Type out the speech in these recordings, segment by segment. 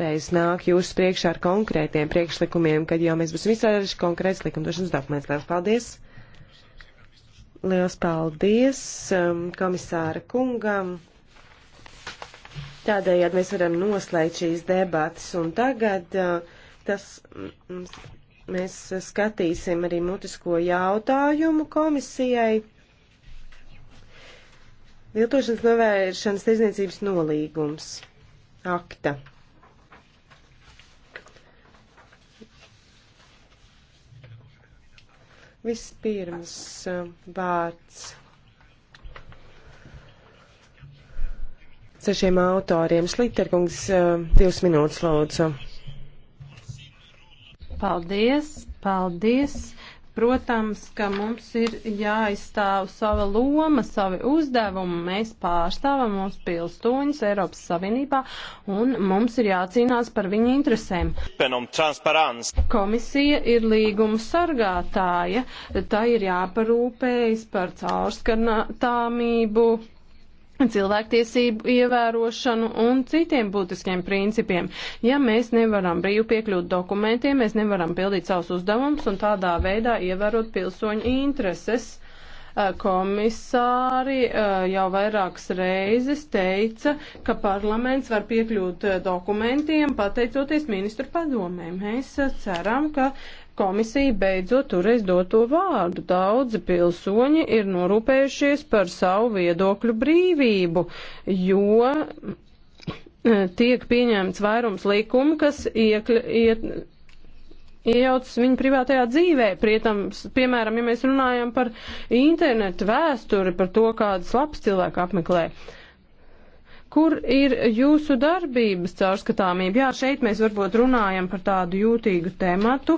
reiz nāk jūsu priekšā ar konkrētiem priekšlikumiem, kad jau mēs būsim izstrādājuši konkrēts likumdošanas dokuments. Lielas paldies! Lielas paldies um, komisāra kungam! Tādējādi mēs varam noslēgt šīs debatas, un tagad uh, tas mm, mm, mēs skatīsim arī mutisko jautājumu komisijai. Viltošanas novēršanas tirdzniecības nolīgums. Akta. Vispirms eh, vārds sešiem autoriem. Sliterkungs, eh, divas minūtes lūdzu. Paldies, paldies. Protams, ka mums ir jāizstāv sava loma, savi uzdevumi. Mēs pārstāvam mūsu pilsoņus Eiropas Savienībā un mums ir jācīnās par viņu interesēm. Komisija ir līguma sargātāja, tā ir jāparūpējas par caurskatāmību, cilvēktiesību ievērošanu un citiem būtiskiem principiem. Ja mēs nevaram brīvi piekļūt dokumentiem, mēs nevaram pildīt savus uzdevumus un tādā veidā ievērot pilsoņu intereses. Eh, komisāri eh, jau vairākas reizes teica, ka parlaments var piekļūt eh, dokumentiem pateicoties ministru padomē. Mēs ceram, ka komisija beidzot toreiz doto vārdu. Daudzi pilsoņi ir norūpējušies par savu viedokļu brīvību, jo eh, tiek pieņemts vairums likumu, kas iekļa, iet, iejaucas viņu privātajā dzīvē. Prietams, piemēram, ja mēs runājam par internetu vēsturi, par to, kādas labs cilvēku apmeklē. Uh, Kur ir jūsu darbības caurskatāmība? Jā, šeit mēs varbūt runājam par tādu jūtīgu tematu,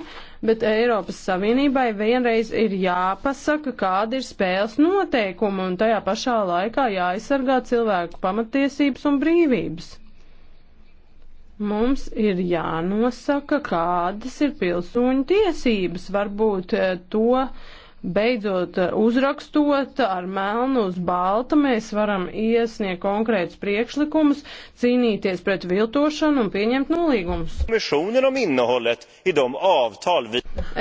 bet Eiropas Savienībai vienreiz ir jāpasaka, kāda ir spēles noteikuma un tajā pašā laikā jāaizsargā cilvēku pamatiesības un brīvības. Mums ir jānosaka, kādas ir pilsoņu tiesības, varbūt eh, to beidzot eh, uzrakstot ar melnu uz balta, mēs varam iesniegt konkrētus priekšlikumus, cīnīties pret viltošanu un pieņemt nolīgumus.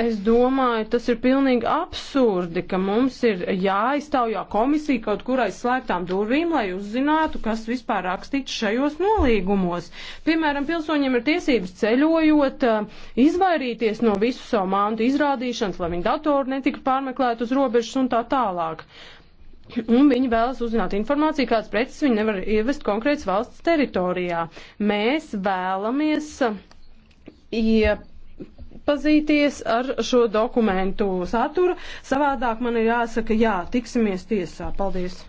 Es domāju, tas ir pilnīgi absurdi, ka mums ir jāiztaujā komisija kaut kur aiz slēgtām durvīm, lai uzzinātu, kas vispār rakstīts šajos nolīgumos. Piemēram, pilsoņiem ir tiesības ceļojot, eh, izvairīties no visu savu mantu izrādīšanas, lai viņu datoru netika pārmeklēt apmeklēt uz robežas un tā tālāk. Un viņi vēlas uzzināt informāciju, kādas preces viņi nevar ievest konkrētas valsts teritorijā. Mēs vēlamies iepazīties ar šo dokumentu saturu. Savādāk man ir jāsaka, jā, tiksimies tiesā. Paldies!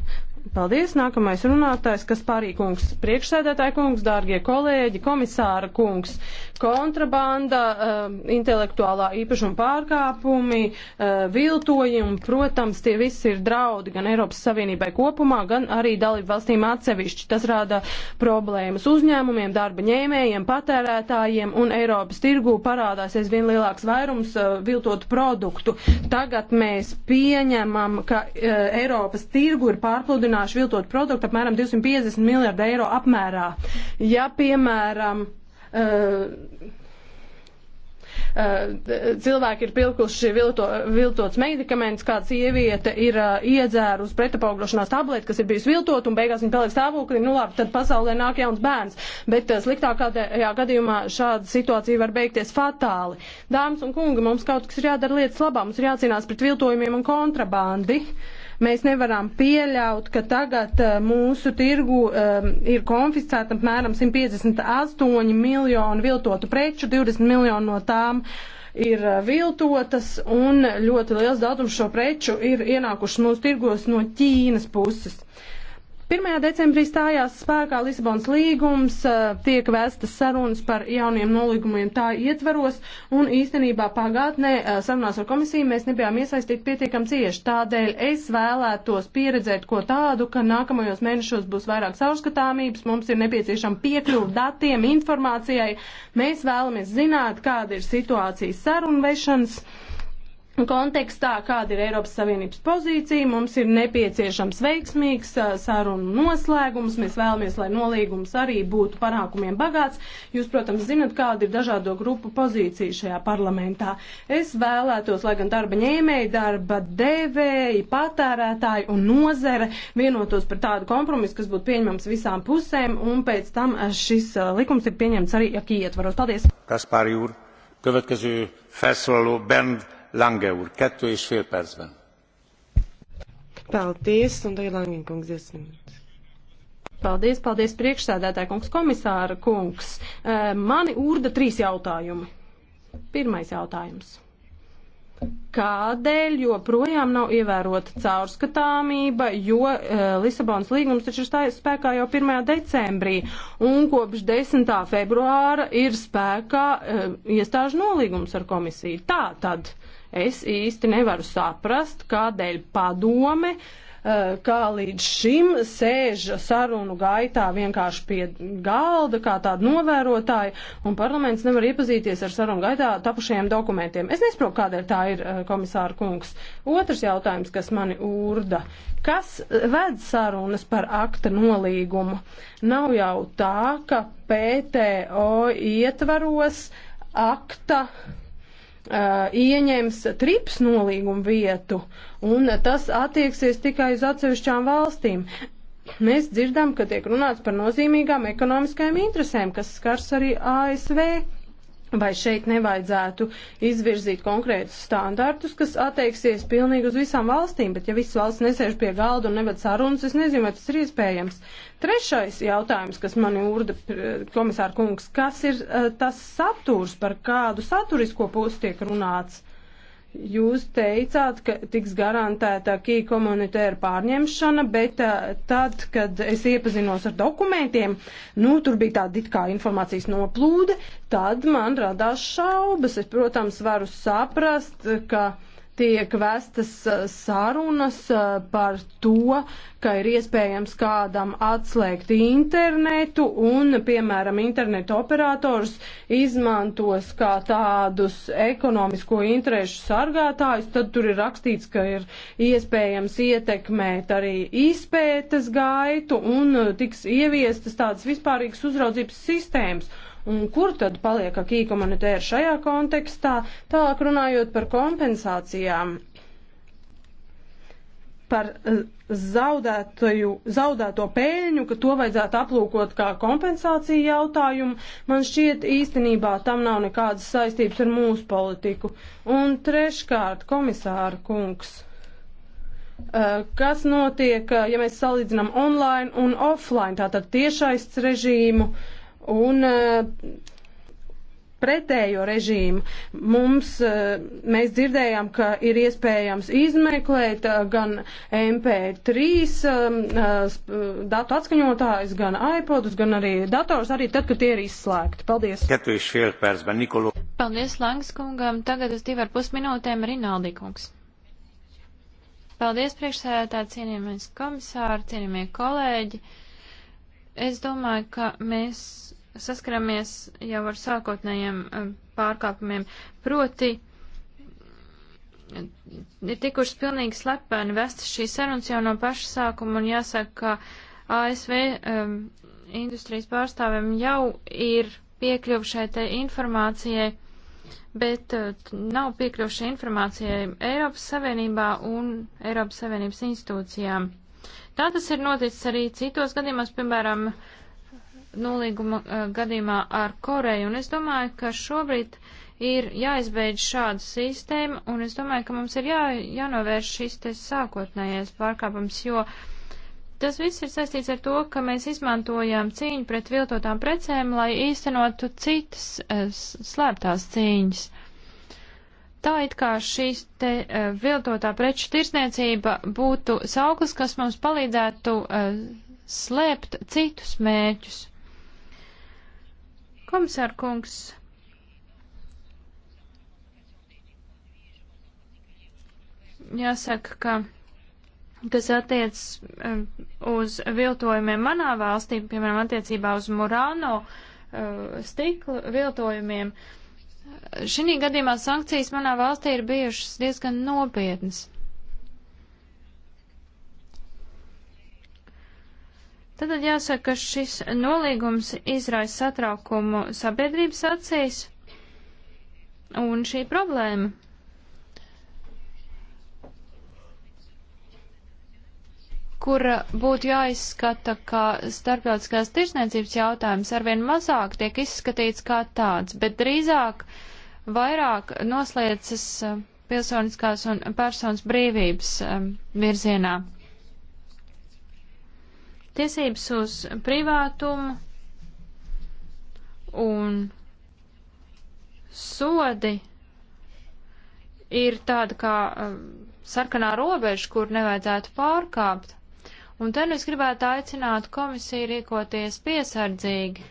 Paldies, nākamais runātājs, kas pārīkungs, priekšsēdētāja kungs, dārgie kolēģi, komisāra kungs. Uh, kontrabanda, um, intelektuālā īpašuma pārkāpumi, uh, viltojumi, protams, tie visi ir draudi gan Eiropas Savienībai kopumā, gan arī dalību valstīm atsevišķi. Tas rada problēmas uzņēmumiem, darba ņēmējiem, patērētājiem un Eiropas tirgū parādās aizvien lielāks vairums uh, viltotu produktu. Tagad mēs pieņemam, ka uh, Eiropas tirgu ir pārpludinājuši viltotu produktu apmēram 250 miljardu eiro apmērā. Ja, piemēram, Eh, eh, cilvēki ir pilkuši vilto, viltots medikamentus, kāda sieviete ir uh, eh, iedzērus pretapaugļošanās tableti, kas ir bijusi viltot, un beigās viņa paliek stāvoklī, nu labi, tad pasaulē nāk jauns bērns. Bet uh, sliktākajā gadījumā šāda situācija var beigties fatāli. Dāmas un kungi, mums kaut kas ir jādara lietas labā, mums ir jācīnās pret viltojumiem un kontrabandi. Uh, Mēs nevaram pieļaut, ka tagad eh, mūsu tirgu um, ir konfiscēta apmēram 158 miljonu viltotu preču, 20 miljonu no tām ir eh, viltotas un ļoti liels daudzums šo preču ir ienākuši mūsu tirgos no Ķīnas puses. 1. decembrī stājās spēkā Lisabonas līgums, tiek vēstas sarunas par jauniem nolīgumiem tā ietvaros, un īstenībā pagātnē sarunās ar komisiju mēs nebijām iesaistīti pietiekam cieši. Tādēļ es vēlētos pieredzēt ko tādu, ka nākamajos mēnešos būs vairāk saurskatāmības, mums ir nepieciešama piekļuva datiem, informācijai. Mēs vēlamies zināt, kāda ir situācija sarunvešanas. vešanas kontekstā, kāda ir Eiropas Savienības pozīcija, mums ir nepieciešams veiksmīgs uh, sarunu noslēgums, mēs vēlamies, lai nolīgums arī būtu panākumiem bagāts. Jūs, protams, zinat, kāda ir dažādo grupu pozīcija šajā parlamentā. Es vēlētos, lai gan darba ņēmēji, darba devēji, patērētāji un nozare vienotos par tādu kompromisu, kas būtu pieņemams visām pusēm, un pēc tam uh, šis uh, likums ir pieņemts arī, ja ietvaros. Paldies! Kaspār Jūr, következő felszólaló Bernd Lange úr, kettő és fél percben. Paldies, un tagad Lange kungs, 10 minūtes. Paldies, paldies priekšsēdētāja kungs, komisāra kungs. Mani urda trīs jautājumi. Pirmais jautājums. Kādēļ joprojām nav ievērota caurskatāmība, jo uh, Lisabonas līgums taču ir spēkā jau 1. decembrī un kopš 10. februāra ir spēkā uh, iestāžu nolīgums ar komisiju? Tā tad. Uh, Es īsti nevaru saprast, kādēļ padome eh, kā līdz šim sēž sarunu gaitā vienkārši pie galda, kā tāda novērotāja, un parlaments nevar iepazīties ar sarunu gaitā tapušajiem dokumentiem. Es nesaprotu, kādēļ tā ir, eh, komisāra kungs. Otrs jautājums, kas mani urda. Kas eh, ved sarunas par akta nolīgumu? Nav jau tā, ka PTO ietvaros akta Uh, ieņems trips nolīgumu vietu, un tas attieksies tikai uz atsevišķām valstīm. Mēs dzirdam, ka tiek runāts par nozīmīgām ekonomiskajām interesēm, kas skars arī ASV. Vai šeit nevajadzētu izvirzīt konkrētus standartus, kas attieksies pilnīgi uz visām valstīm, bet ja visas valsts nesēž pie galda un neved sarunas, es nezinu, vai tas ir iespējams. Trešais jautājums, kas mani urda, komisāra kungs, kas ir uh, tas saturs, par kādu saturisko pusi tiek runāts? Uh, Jūs teicāt, ka tiks garantēta key komunitēra pārņemšana, bet tad, kad es iepazinos ar dokumentiem, nu, tur bija tāda it kā informācijas noplūde, tad man radās šaubas. Es, protams, varu saprast, ka. Uh, tiek vestas eh, sarunas eh, par to, ka ir iespējams kādam atslēgt internetu un, piemēram, internetu operators izmantos kā tādus ekonomisko interešu sargātājus, tad tur ir rakstīts, ka ir iespējams ietekmēt arī izpētes gaitu un eh, tiks ieviestas tādas vispārīgas uzraudzības sistēmas. Un kur tad paliek akī komunitēra šajā kontekstā? Tālāk runājot par kompensācijām, par eh, zaudēto peļņu, ka to vajadzētu aplūkot kā kompensāciju jautājumu, man šķiet īstenībā tam nav nekādas saistības ar mūsu politiku. Un treškārt, komisāra kungs, eh, kas notiek, eh, ja mēs salīdzinām online un offline, tātad tiešais režīmu? un eh, pretējo režīmu. Mums, eh, mēs dzirdējām, ka ir iespējams izmeklēt eh, gan MP3 datu atskaņotājus, gan iPodus, gan arī dators, arī tad, kad tie ir izslēgti. Paldies. Paldies Langs kungam. Tagad uz divar pus minūtēm Rinaldi kungs. Paldies priekšsēdētāji, cienījamies komisāri, cienījamie kolēģi. Es domāju, ka mēs saskaramies jau ar sākotnējiem eh, pārkāpumiem. Proti, ir tikušas pilnīgi slepeni vestas šīs sarunas jau no paša sākuma un jāsaka, ka ASV um, eh, industrijas pārstāvim jau ir piekļuvušai te informācijai, bet uh, nav piekļuvušai informācijai Eiropas Savienībā un Eiropas Savienības institūcijām. Tā tas ir noticis arī citos gadījumos, piemēram, uh, nolīguma eh, gadījumā ar Koreju. Un es domāju, ka šobrīd ir jāizbeidz šāda sistēma, un es domāju, ka mums ir jā, jānovērš šis te sākotnējais pārkāpums, jo tas viss ir saistīts ar to, ka mēs izmantojām cīņu pret viltotām precēm, lai īstenotu citas eh, slēptās cīņas. Tā it kā šīs te eh, viltotā preču tirsniecība būtu sauklis, kas mums palīdzētu slēpt citus mēķus. Komisār kungs, jāsaka, ka kas attiec um, uz viltojumiem manā valstī, piemēram, attiecībā uz Murano uh, stikla viltojumiem, šī gadījumā sankcijas manā valstī ir bijušas diezgan nopietnas. Tad jāsaka, ka šis nolīgums izraisa satraukumu sabiedrības acīs un šī problēma. kura būtu jāizskata kā starptautiskās tirsniecības jautājums, arvien mazāk tiek izskatīts kā tāds, bet drīzāk vairāk noslēdzas eh, pilsoniskās un personas brīvības eh, virzienā. Um, Tiesības uz privātumu un sodi ir tāda kā um, sarkanā robeža, kur nevajadzētu pārkāpt. Un te nu es gribētu aicināt komisiju rīkoties piesardzīgi.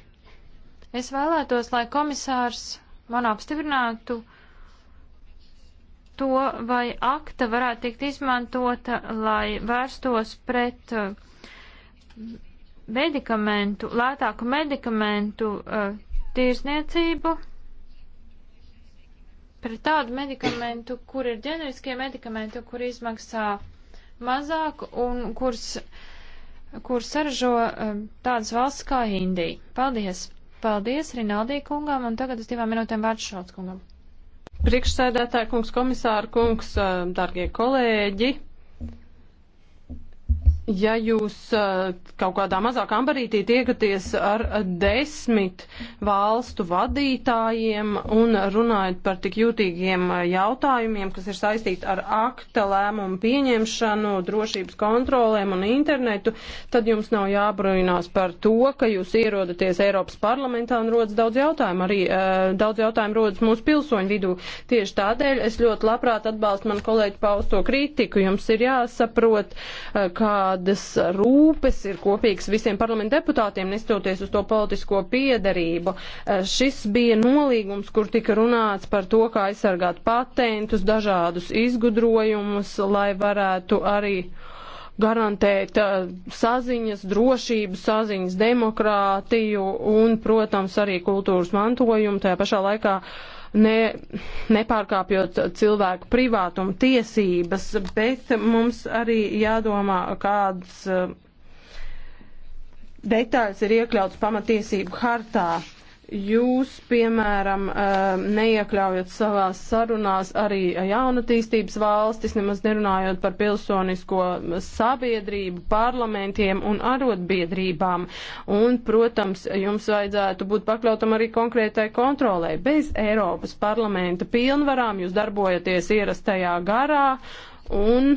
Es vēlētos, lai komisārs man apstiprinātu to, vai akta varētu tikt izmantota, lai vērstos pret uh, medikamentu, lētāku medikamentu uh, tirsniecību pret tādu medikamentu, kur ir ģeneriskie medikamenti, kur izmaksā mazāk un kurs, kur saražo uh, tādas valsts kā Indija. Paldies! Paldies Rinaldī kungam un tagad uz divām minūtēm vārds Šalts kungam. Priekšsēdētāja kungs, komisāra kungs, um, darbie kolēģi! ja jūs kaut kādā mazā kambarītī tiekaties ar desmit valstu vadītājiem un runājat par tik jūtīgiem jautājumiem, kas ir saistīti ar akta lēmumu pieņemšanu, drošības kontrolēm un internetu, tad jums nav jābrīnās par to, ka jūs ierodaties Eiropas parlamentā un rodas daudz jautājumu. Arī daudz jautājumu rodas mūsu pilsoņu vidū. Tieši tādēļ es ļoti labprāt atbalstu manu kolēģu pausto kritiku. Jums ir jāsaprot, kā kādas rūpes ir kopīgas visiem parlamentu deputātiem, nestoties uz to politisko piedarību. Eh, šis bija nolīgums, kur tika runāts par to, kā aizsargāt patentus, dažādus izgudrojumus, lai varētu arī garantēt eh, saziņas, drošību, saziņas demokrātiju un, protams, arī kultūras mantojumu. Tajā pašā laikā uh, ne, nepārkāpjot cilvēku privātumu tiesības, bet mums arī jādomā, kādas eh, detaļas ir iekļautas pamatiesību hartā jūs, piemēram, eh, neiekļaujat savās sarunās arī jaunatīstības valstis, nemaz nerunājot par pilsonisko sabiedrību, parlamentiem un arotbiedrībām. Un, protams, jums vajadzētu būt pakļautam arī konkrētai kontrolē. Bez Eiropas parlamenta pilnvarām jūs darbojaties ierastajā garā un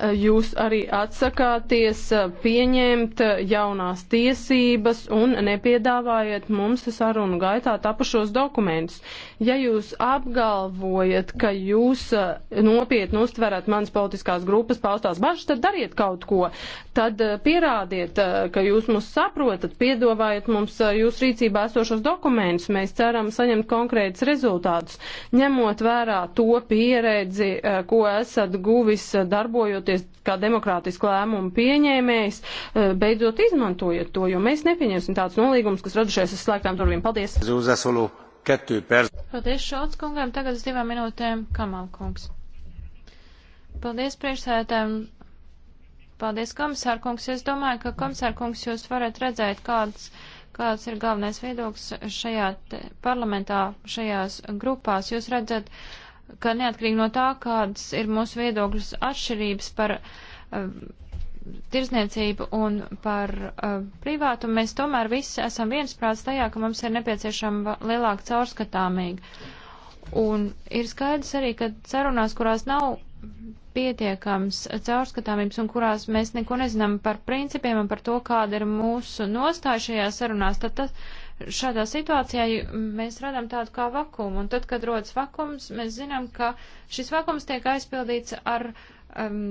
jūs arī atsakāties eh, pieņemt eh, jaunās tiesības un nepiedāvājat mums sarunu gaitā tapušos dokumentus. Ja jūs apgalvojat, ka jūs eh, nopietni uztverat manas politiskās grupas paustās bažas, tad dariet kaut ko. Tad pierādiet, ka jūs mūs saprotat, piedāvājat mums jūs rīcībā esošos dokumentus. Mēs ceram saņemt konkrētus rezultātus, ņemot vērā to pieredzi, ko esat guvis darbojoties rīkoties kā demokrātisku lēmumu pieņēmējs, eh, beidzot izmantojiet to, jo mēs nepieņemsim tādus nolīgumus, kas radušies uz slēgtām durvīm. Paldies! Paldies Šauts kungam, tagad uz divām minūtēm Kamal kungs. Paldies priekšsētājiem, paldies komisār kungs. Es domāju, ka komisār kungs jūs varat redzēt, kāds, kāds ir galvenais viedoklis šajā parlamentā, šajās grupās. Jūs redzat, uh, ka neatkarīgi no tā, kādas ir mūsu viedokļas atšķirības par uh, tirzniecību un par uh, privātu, mēs tomēr visi esam viensprāts tajā, ka mums ir nepieciešama lielāka caurskatāmīga. Un ir skaidrs arī, ka sarunās, kurās nav pietiekams caurskatāmības un kurās mēs neko nezinām par principiem un par to, kāda ir mūsu nostāja šajā sarunās, tad tas. Uh, šādā situācijā mēs radām tādu kā vakumu, un tad, kad rodas vakums, mēs zinām, ka šis vakums tiek aizpildīts ar um,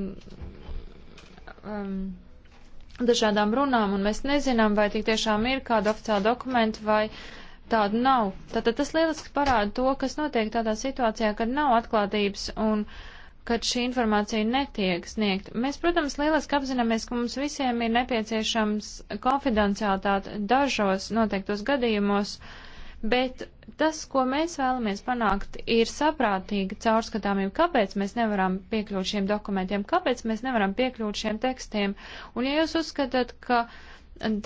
um, dažādām runām, un mēs nezinām, vai tik tiešām ir kāda oficiāla dokumenta vai tādu nav. Tātad tas lieliski parāda to, kas notiek tādā situācijā, kad nav atklātības un uh, kad šī informācija netiek sniegta. Mēs, protams, lieliski apzināmies, ka mums visiem ir nepieciešams konfidenciālitāte dažos noteiktos gadījumos, bet tas, ko mēs vēlamies panākt, ir saprātīga caurskatāmība, kāpēc mēs nevaram piekļūt šiem dokumentiem, kāpēc mēs nevaram piekļūt šiem tekstiem. Un ja jūs uzskatāt, ka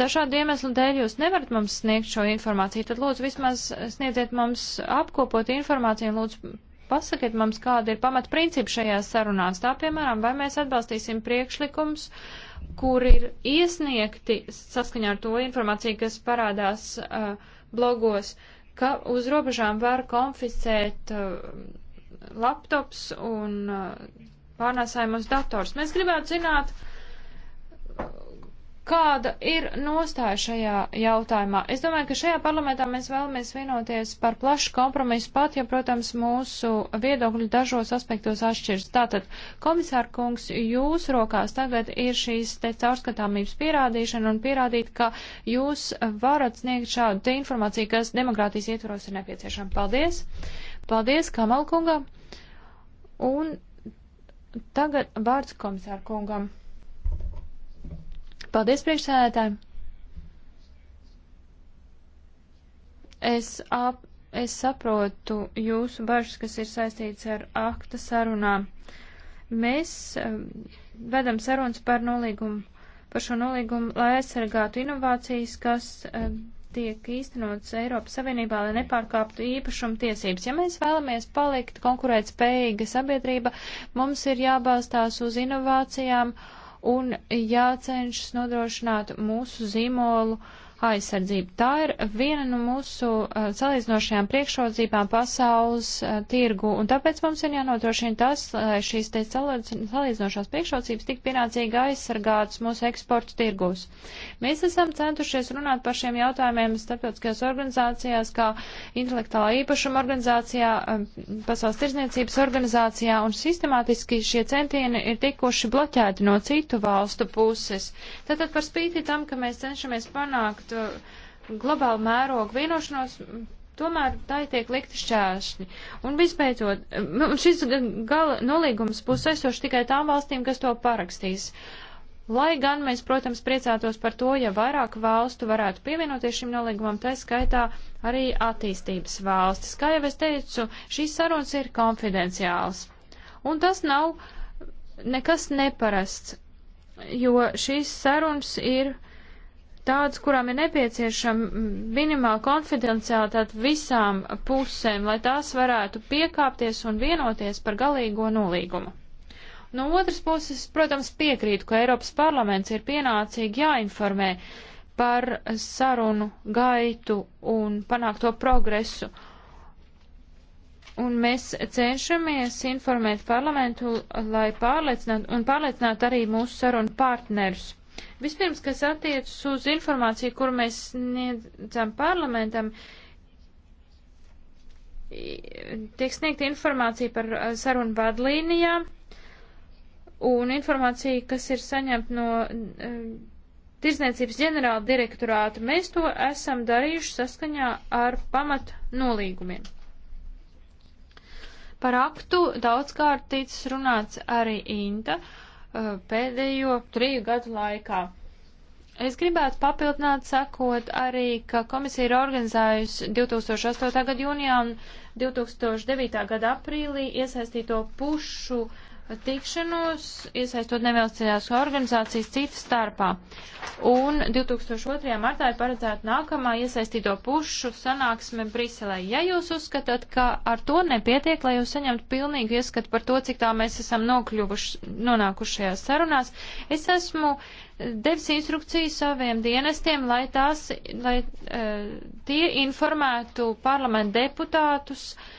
dažādu iemeslu dēļ jūs nevarat mums sniegt šo informāciju, tad lūdzu vismaz sniedziet mums apkopot informāciju, lūdzu Pasakiet mums, kāda ir pamatprincipa šajās sarunās. Tā, piemēram, vai mēs atbalstīsim priekšlikums, kur ir iesniegti saskaņā ar to informāciju, kas parādās uh, blogos, ka uz robežām var konfiscēt uh, laptops un uh, pārnēsājumos dators. Mēs gribētu zināt, uh, Kāda ir nostāja šajā jautājumā? Es domāju, ka šajā parlamentā mēs vēlamies vienoties par plašu kompromisu, pat ja, protams, mūsu viedokļi dažos aspektos atšķirs. Tātad, komisāra kungs, jūs rokās tagad ir šīs te caurskatāmības pierādīšana un pierādīt, ka jūs varat sniegt šādu te informāciju, kas demokrātijas ietvaros ir nepieciešama. Paldies! Paldies Kamalkungam! Un tagad vārds komisāra kungam. Paldies, priekšsēdētāji! Es, ap, es saprotu jūsu bažas, kas ir saistīts ar akta sarunām. Mēs um, vedam sarunas par nolīgumu, par šo nolīgumu, lai aizsargātu inovācijas, kas um, tiek īstenots Eiropas Savienībā, lai nepārkāptu īpašumu tiesības. Ja mēs vēlamies palikt konkurēt spējīga sabiedrība, mums ir jābalstās uz inovācijām. Uh, un jācenšas nodrošināt mūsu zīmolu uh, aizsardzību. Tā ir viena no mūsu uh, salīdzinošajām priekšrocībām pasaules uh, tirgu, un tāpēc mums ir jānodrošina tas, lai šīs te salīdzinošās priekšrocības tik pienācīgi aizsargātas mūsu eksporta tirgūs. Mēs esam centušies runāt par šiem jautājumiem starptautiskajās organizācijās, kā intelektuālā īpašuma organizācijā, um, pasaules tirzniecības organizācijā, un sistemātiski šie centieni ir tikuši bloķēti no citu valstu puses. Tātad par spīti tam, ka mēs cenšamies panākt panākt uh, globālu mērogu vienošanos, tomēr tā ir tiek likti šķēršļi. Un visbeidzot, šis gala nolīgums būs saistošs tikai tām valstīm, kas to parakstīs. Lai gan mēs, protams, priecātos par to, ja vairāk valstu varētu pievienoties šim nolīgumam, tā skaitā arī attīstības valstis. Kā jau es teicu, šīs sarunas ir konfidenciāls. Un tas nav nekas neparasts, jo šīs sarunas ir tāds, kurām ir nepieciešama minimāla konfidencialitāte visām pusēm, lai tās varētu piekāpties un vienoties par galīgo nolīgumu. No otras puses, protams, piekrītu, ka Eiropas parlaments ir pienācīgi jāinformē par sarunu gaitu un panākto progresu. Un mēs cenšamies informēt parlamentu, lai pārliecinātu, un pārliecinātu arī mūsu sarunu partnerus Vispirms, kas attiecas uz informāciju, kur mēs sniedzam parlamentam, tiek sniegta informācija par eh, sarunu vadlīnijām un informācija, kas ir saņemta no uh, Tirzniecības ģenerāla direktorāta. Mēs to esam darījuši saskaņā ar pamat nolīgumiem. Par aktu daudzkārt ticis runāts arī Inta. Uh, Uh, pēdējo triju gadu laikā. Es gribētu papildināt, sakot arī, ka komisija ir organizējusi 2008. gada jūnijā un 2009. gada aprīlī iesaistīto pušu uh, tikšanos, iesaistot nevalstiskās organizācijas citas starpā. Un 2002. martā ir paredzēta nākamā iesaistīto pušu sanāksme Briselē. Ja jūs uzskatāt, ka ar to nepietiek, lai jūs saņemtu pilnīgu ieskatu par to, cik tā mēs esam nokļuvuši, nonākušajās sarunās, es esmu devis instrukcijas saviem dienestiem, lai, tās, lai uh, tie informētu parlamentu deputātus, uh,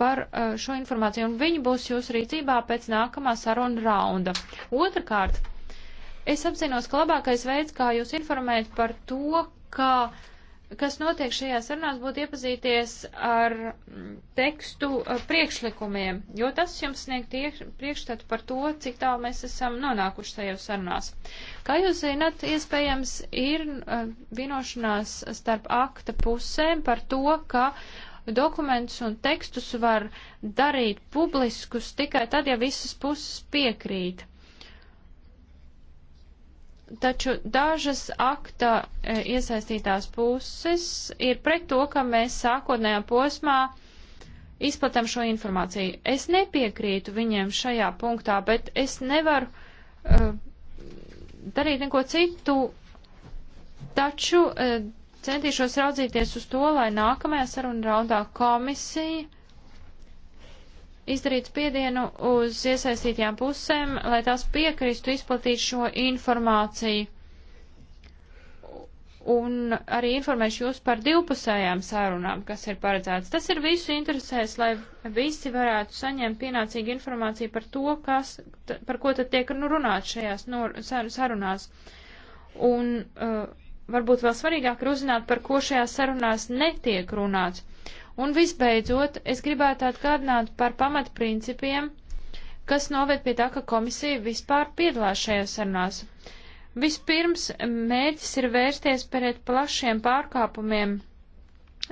par uh, šo informāciju, un viņi būs jūsu rīcībā pēc nākamā saruna raunda. Otrakārt, es apzinos, ka labākais veids, kā jūs informēt par to, kā, kas notiek šajā sarunās, būtu iepazīties ar mm, tekstu uh, priekšlikumiem, jo tas jums sniegt priekšstatu par to, cik tālu mēs esam nonākuši tajos sarunās. Kā jūs zinat, iespējams ir uh, vienošanās starp akta pusēm par to, ka uh, dokumentus un tekstus var darīt publiskus tikai tad, ja visas puses piekrīt. Taču dažas akta e, iesaistītās puses ir pret to, ka mēs sākotnējā posmā izplatam šo informāciju. Es nepiekrītu viņiem šajā punktā, bet es nevaru uh, darīt neko citu. Taču uh, centīšos raudzīties uz to, lai nākamajā saruna raundā komisija izdarītu spiedienu uz iesaistītajām pusēm, lai tās piekristu izplatīt šo informāciju. Un arī informēšu jūs par divpusējām sarunām, kas ir paredzētas. Tas ir visu interesēs, lai visi varētu saņemt pienācīgu informāciju par to, kas, par ko tad tiek nu runāts šajās sarunās. Un, uh, varbūt vēl svarīgāk ir uzzināt, par ko šajās sarunās netiek runāts. Un visbeidzot, es gribētu atgādināt par pamatprincipiem, kas noved pie tā, ka komisija vispār piedalās šajās sarunās. Vispirms mērķis ir vērsties pret plašiem pārkāpumiem uh,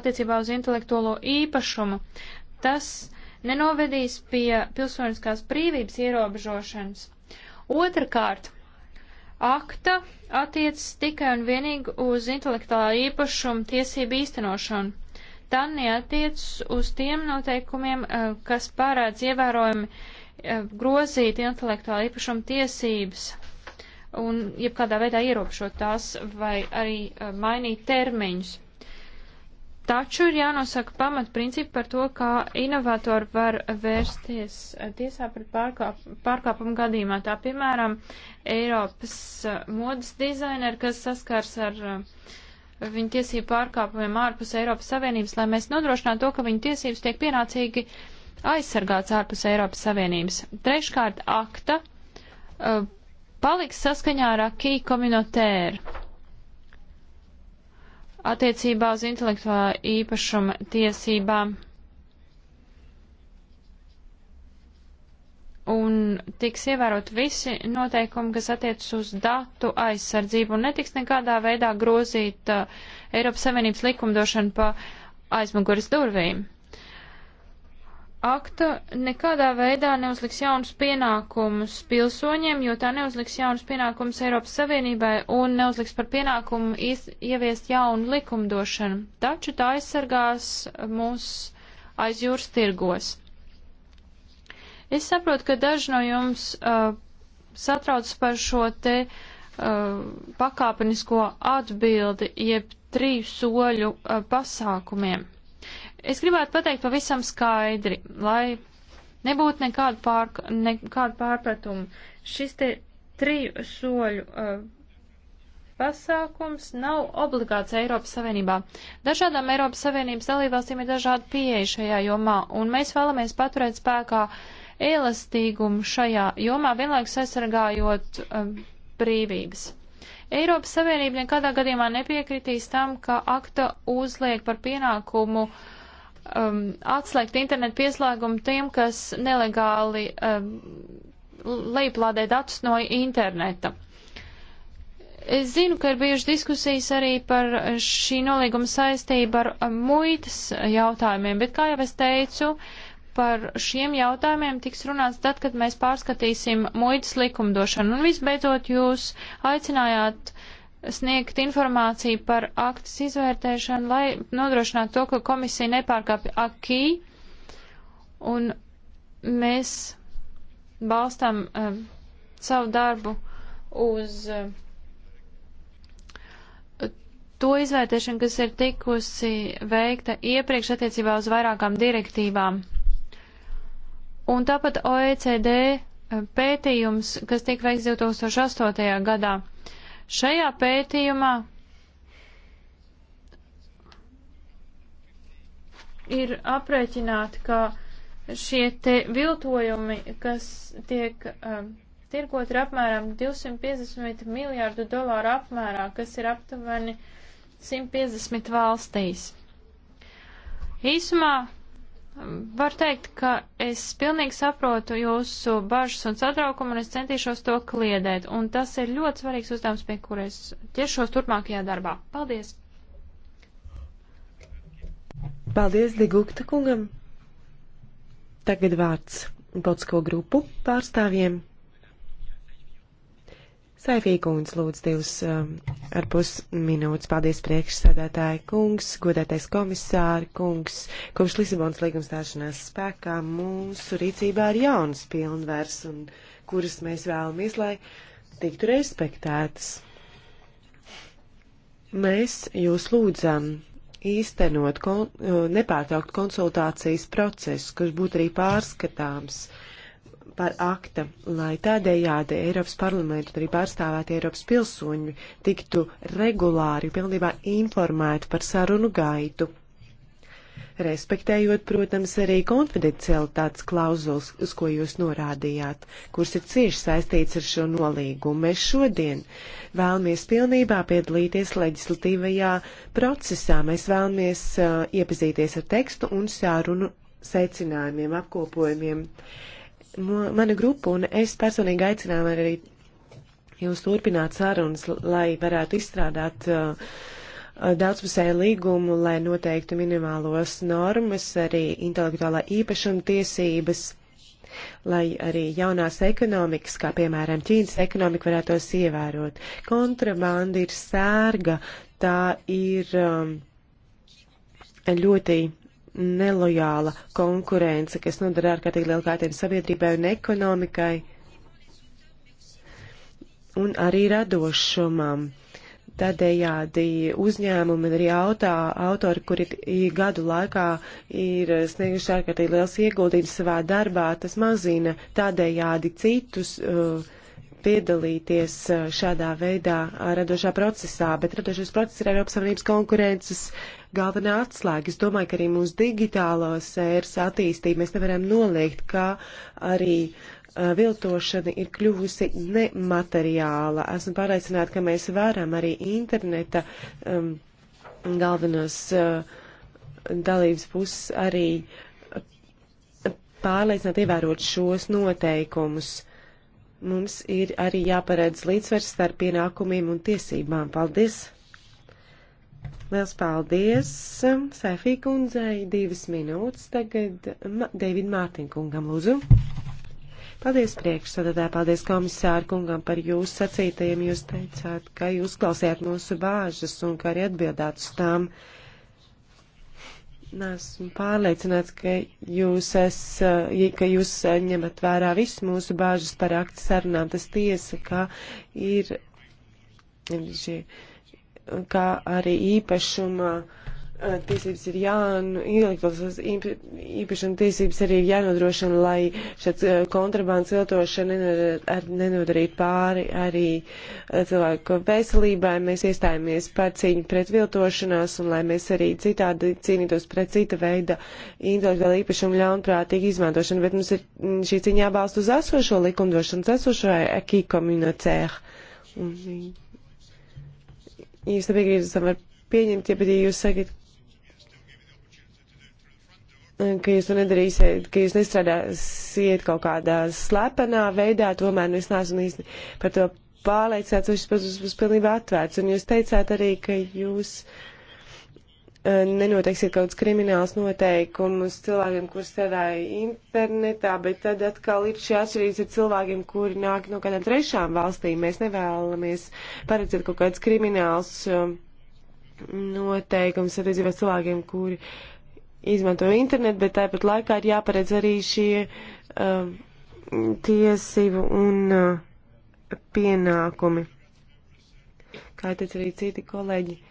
attiecībā uz intelektuālo īpašumu. Tas nenovedīs pie pilsoniskās brīvības ierobežošanas. Otrakārt, akta attiecas tikai un vienīgi uz intelektuālā īpašuma tiesību īstenošanu. Tā neatiecas uz tiem noteikumiem, eh, kas pārēdz ievērojami eh, grozīt intelektuālā īpašuma tiesības un jebkādā veidā ierobežot tās vai arī eh, mainīt termiņus. Taču ir jānosaka pamatprincipi par to, kā inovatori var vērsties tiesā par pārkāp, pārkāpumu gadījumā. Tā piemēram, Eiropas eh, modas dizaineri, kas saskars ar eh, viņu tiesību pārkāpumiem ārpus Eiropas Savienības, lai mēs nodrošinātu to, ka viņu tiesības tiek pienācīgi aizsargāts ārpus Eiropas Savienības. Treškārt, akta eh, paliks saskaņā ar akī kominotēru attiecībā uz intelektuālā īpašuma tiesībām. Un tiks ievērot visi noteikumi, kas attiec uz datu aizsardzību un netiks nekādā veidā grozīt uh, Eiropas Savienības likumdošanu pa aizmuguras durvīm akta nekādā veidā neuzliks jaunus pienākumus pilsoņiem, jo tā neuzliks jaunus pienākumus Eiropas Savienībai un neuzliks par pienākumu ieviest jaunu likumdošanu. Taču tā aizsargās mūs aiz jūras tirgos. Es saprotu, ka daži no jums uh, satrauc par šo te uh, pakāpenisko atbildi, jeb trīs soļu uh, pasākumiem. Es gribētu pateikt pavisam skaidri, lai nebūtu nekādu, pār, nekādu pārpratumu. Šis te triju soļu uh, pasākums nav obligāts Eiropas Savienībā. Dažādām Eiropas Savienības dalībvalstīm ir dažādi pieeja šajā jomā, un mēs vēlamies paturēt spēkā elastīgumu šajā jomā, vienlaikus aizsargājot um, brīvības. Eiropas Savienība nekādā gadījumā nepiekritīs tam, ka akta uzliek par pienākumu uh, um, atslēgt internetu pieslēgumu tiem, kas nelegāli um, lejuplādē datus no interneta. Es zinu, ka ir bijušas diskusijas arī par šī nolīguma saistību ar um, muitas jautājumiem, bet kā jau es teicu, par šiem jautājumiem tiks runāts tad, kad mēs pārskatīsim muitas likumdošanu. Un visbeidzot, jūs aicinājāt sniegt informāciju par aktas izvērtēšanu, lai nodrošinātu to, ka komisija nepārkāpja akī, un mēs balstām um, eh, savu darbu uz um, to izvērtēšanu, kas ir tikusi veikta iepriekš attiecībā uz vairākām direktīvām. Un tāpat OECD eh, pētījums, kas tika veikts 2008. gadā. Šajā pētījumā ir aprēķināti, ka šie te viltojumi, kas tiek um, tirkot, ir apmēram 250 miljārdu dolāru apmērā, kas ir aptuveni 150 valstīs. Īsumā Var teikt, ka es pilnīgi saprotu jūsu bažas un satraukumu, un es centīšos to kliedēt. Un tas ir ļoti svarīgs uzdevums, pie kura es ķeršos turpmākajā darbā. Paldies! Paldies Digukta kungam! Tagad vārds Gotsko grupu pārstāvjiem. Saifīkūns lūdz divas um, ar pus minūtes. Paldies priekšsēdētāji kungs, godētais komisāri kungs. Kopš Lisabonas līgums stāšanās spēkā mūsu rīcībā ir jaunas pilnvērs, un kuras mēs vēlamies, lai tiktu respektētas. Mēs jūs lūdzam īstenot kon nepārtraukt konsultācijas procesu, kurš būtu arī pārskatāms. Uh, par akta, lai tādējādi Eiropas parlamentu un arī pārstāvēti Eiropas pilsoņi tiktu regulāri pilnībā informēti par sarunu gaitu. Respektējot, protams, arī konfidencialitātes klauzulas, uz ko jūs norādījāt, kuras ir cieši saistīts ar šo nolīgumu. Mēs šodien vēlamies pilnībā piedalīties leģislatīvajā procesā. Mēs vēlamies uh, iepazīties ar tekstu un sārunu secinājumiem, apkopojumiem. Uh, mana grupa un es personīgi aicinām arī jūs turpināt sarunas, lai varētu izstrādāt uh, daudzpusēju līgumu, lai noteiktu minimālos normas, arī intelektuālā īpašuma tiesības, lai arī jaunās ekonomikas, kā piemēram Ķīnas ekonomika, varētu tos ievērot. Kontrabanda ir sērga, tā ir um, ļoti nelojāla konkurence, kas nodara ārkārtīgi lielu kaitējumu sabiedrībai un ekonomikai, un arī radošumam. Tādējādi uzņēmumi un arī autā, autori, kuri gadu laikā ir snieguši ārkārtīgi liels ieguldījums savā darbā, tas mazina tādējādi citus uh, piedalīties uh, šādā veidā uh, radošā procesā, bet radošais process ir Eiropas Savienības konkurences galvenā atslēga. Es domāju, ka arī mūsu digitālās sēras attīstība mēs nevaram noliegt, kā arī uh, viltošana ir kļuvusi nemateriāla. Esmu pārliecināta, ka mēs varam arī interneta um, galvenos uh, dalības puses arī pārliecināt ievērot šos noteikumus mums ir arī jāparedz līdzsvers starp pienākumiem un tiesībām. Paldies! Liels paldies um, Sefī kundzei. Divas minūtes tagad David Mārtiņ kungam lūdzu. Paldies priekšsadatāji, paldies komisāru kungam par jūsu sacītajiem. Jūs teicāt, ka jūs klausījāt mūsu bāžas un ka arī atbildāt uz tām. Esmu pārliecināts, ka jūs, es, uh, ka jūs uh, ņemat vērā visus mūsu bāžas par aktu sarunām. Tas tiesa, ka ir, ir šie. Šī kā arī īpašuma tiesības ir jānu, ielektros īpašuma tiesības arī ir jānodrošina, lai šāds kontrabands viltošana nenodarītu pāri arī cilvēku veselībai. Mēs iestājāmies par cīņu pret viltošanās un lai mēs arī citādi cīnītos pret cita veida intelektuālu īpašumu ļaunprātīgu izmantošanu, bet mums ir šī cīņa jābalst uz esošo likumdošanu, esošo ekonomiku jūs nepiekrītat tam var pieņemt, ja bet ja jūs sakat, ka jūs to nedarīsiet, ka jūs nestrādāsiet kaut kādā slepenā veidā, tomēr nu es neesmu īsti par to pārliecināts, viņš pats būs pilnībā atvērts. Un jūs teicāt arī, ka jūs. Uh, Eh, nenoteiksiet kaut kādus kriminālus noteikumus cilvēkiem, kur strādāja internetā, bet tad atkal ir šī atšķirības ar cilvēkiem, kuri nāk no kādām trešām valstīm. Mēs nevēlamies paredzēt kaut kādus kriminālus eh, noteikumus attiecībā cilvēkiem, kuri izmanto internetu, bet tāpat laikā ir jāparedz arī šie um, tiesību un uh, pienākumi. Kā teica arī citi kolēģi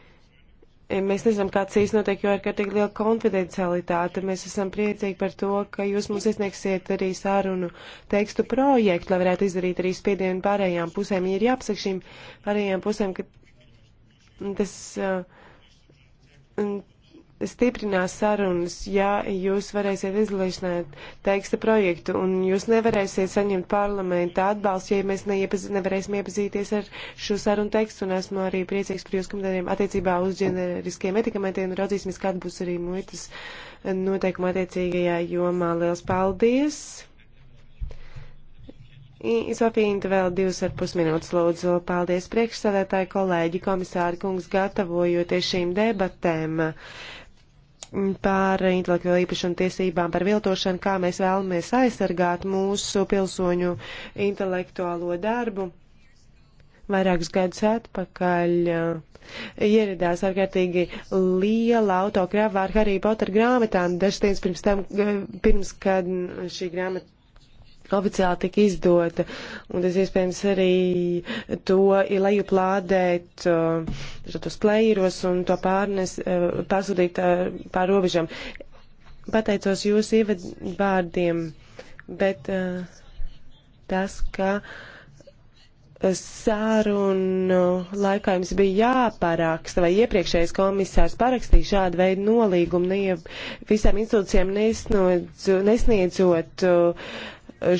Mēs nezinām, kāds īsti notiek, jo ir kārtīgi liela konfidencialitāte. Mēs esam priecīgi par to, ka jūs mums izsniegsiet arī sārunu tekstu projektu, lai varētu izdarīt arī spiedienu pārējām pusēm. Ir jāpasaka šīm pārējām pusēm, ka tas. Uh, stiprinās sarunas, ja jūs varēsiet izlīdzināt teksta projektu, un jūs nevarēsiet saņemt parlamenta atbalstu, ja mēs neiepaz nevarēsim iepazīties ar šo sarunu tekstu, un esmu arī priecīgs par jūsu komentāriem attiecībā uz ģeneriskiem medikamentiem, un raudzīsimies, kāda būs arī muitas noteikuma attiecīgajā jomā. Liels paldies! Sofīnta vēl divas ar pus minūtes lūdzu. Paldies priekšsēdētāji, kolēģi, komisāri, kungs, gatavojoties šīm debatēm par intelektuālo īpašumu tiesībām, par viltošanu, kā mēs vēlamies aizsargāt mūsu pilsoņu intelektuālo darbu. Vairākus gadus atpakaļ eh, ieradās ārkārtīgi liela autokrava ar Harry Potter grāmatām, dažas dienas pirms tam, eh, pirms kad šī grāmata oficiāli tika izdota, un tas iespējams arī to ir lejuplādēt tos uh, plējiros un to pārnes, uh, pārsūtīt uh, pār robežam. Pateicos jūsu ievadvārdiem, bet tas, ka sārunu laikā jums bija jāparaksta, vai iepriekšējais komisārs parakstīja šādu veidu nolīgumu ne, visām institūcijām nesniedzot uh,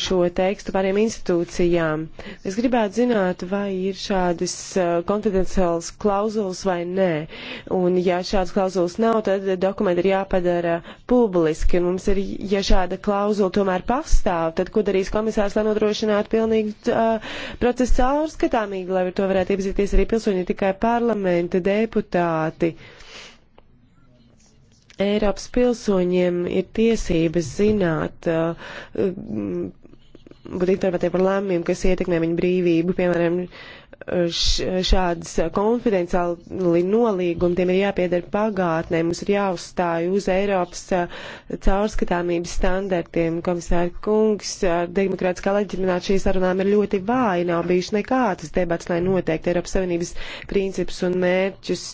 šo tekstu pāriem institūcijām. Es gribētu zināt, vai ir šādas eh, konfidenciālas klauzulas vai nē. Un ja šādas klauzulas nav, tad dokumenti ir jāpadara publiski. Un mums ir, ja šāda klauzula tomēr pastāv, tad ko darīs komisārs, lai nodrošinātu pilnīgi uh, procesu caurskatāmīgi, lai ar to varētu iepazīties arī pilsoņi, tikai parlamenta deputāti. Uh, Eiropas pilsoņiem ir tiesības zināt, uh, mm, būt informētiem par lēmumiem, kas ietekmē viņu brīvību, piemēram, uh, šādas konfidenciāli nolīgumi, tiem ir jāpiedara pagātnē, mums ir jāuzstāj uz Eiropas caurskatāmības standartiem. Komisāra kungs, demokrātiskā leģitimitāte šīs sarunām ir ļoti vāja, nav bijuši nekādas debats, lai noteikti Eiropas Savienības principus un mērķus.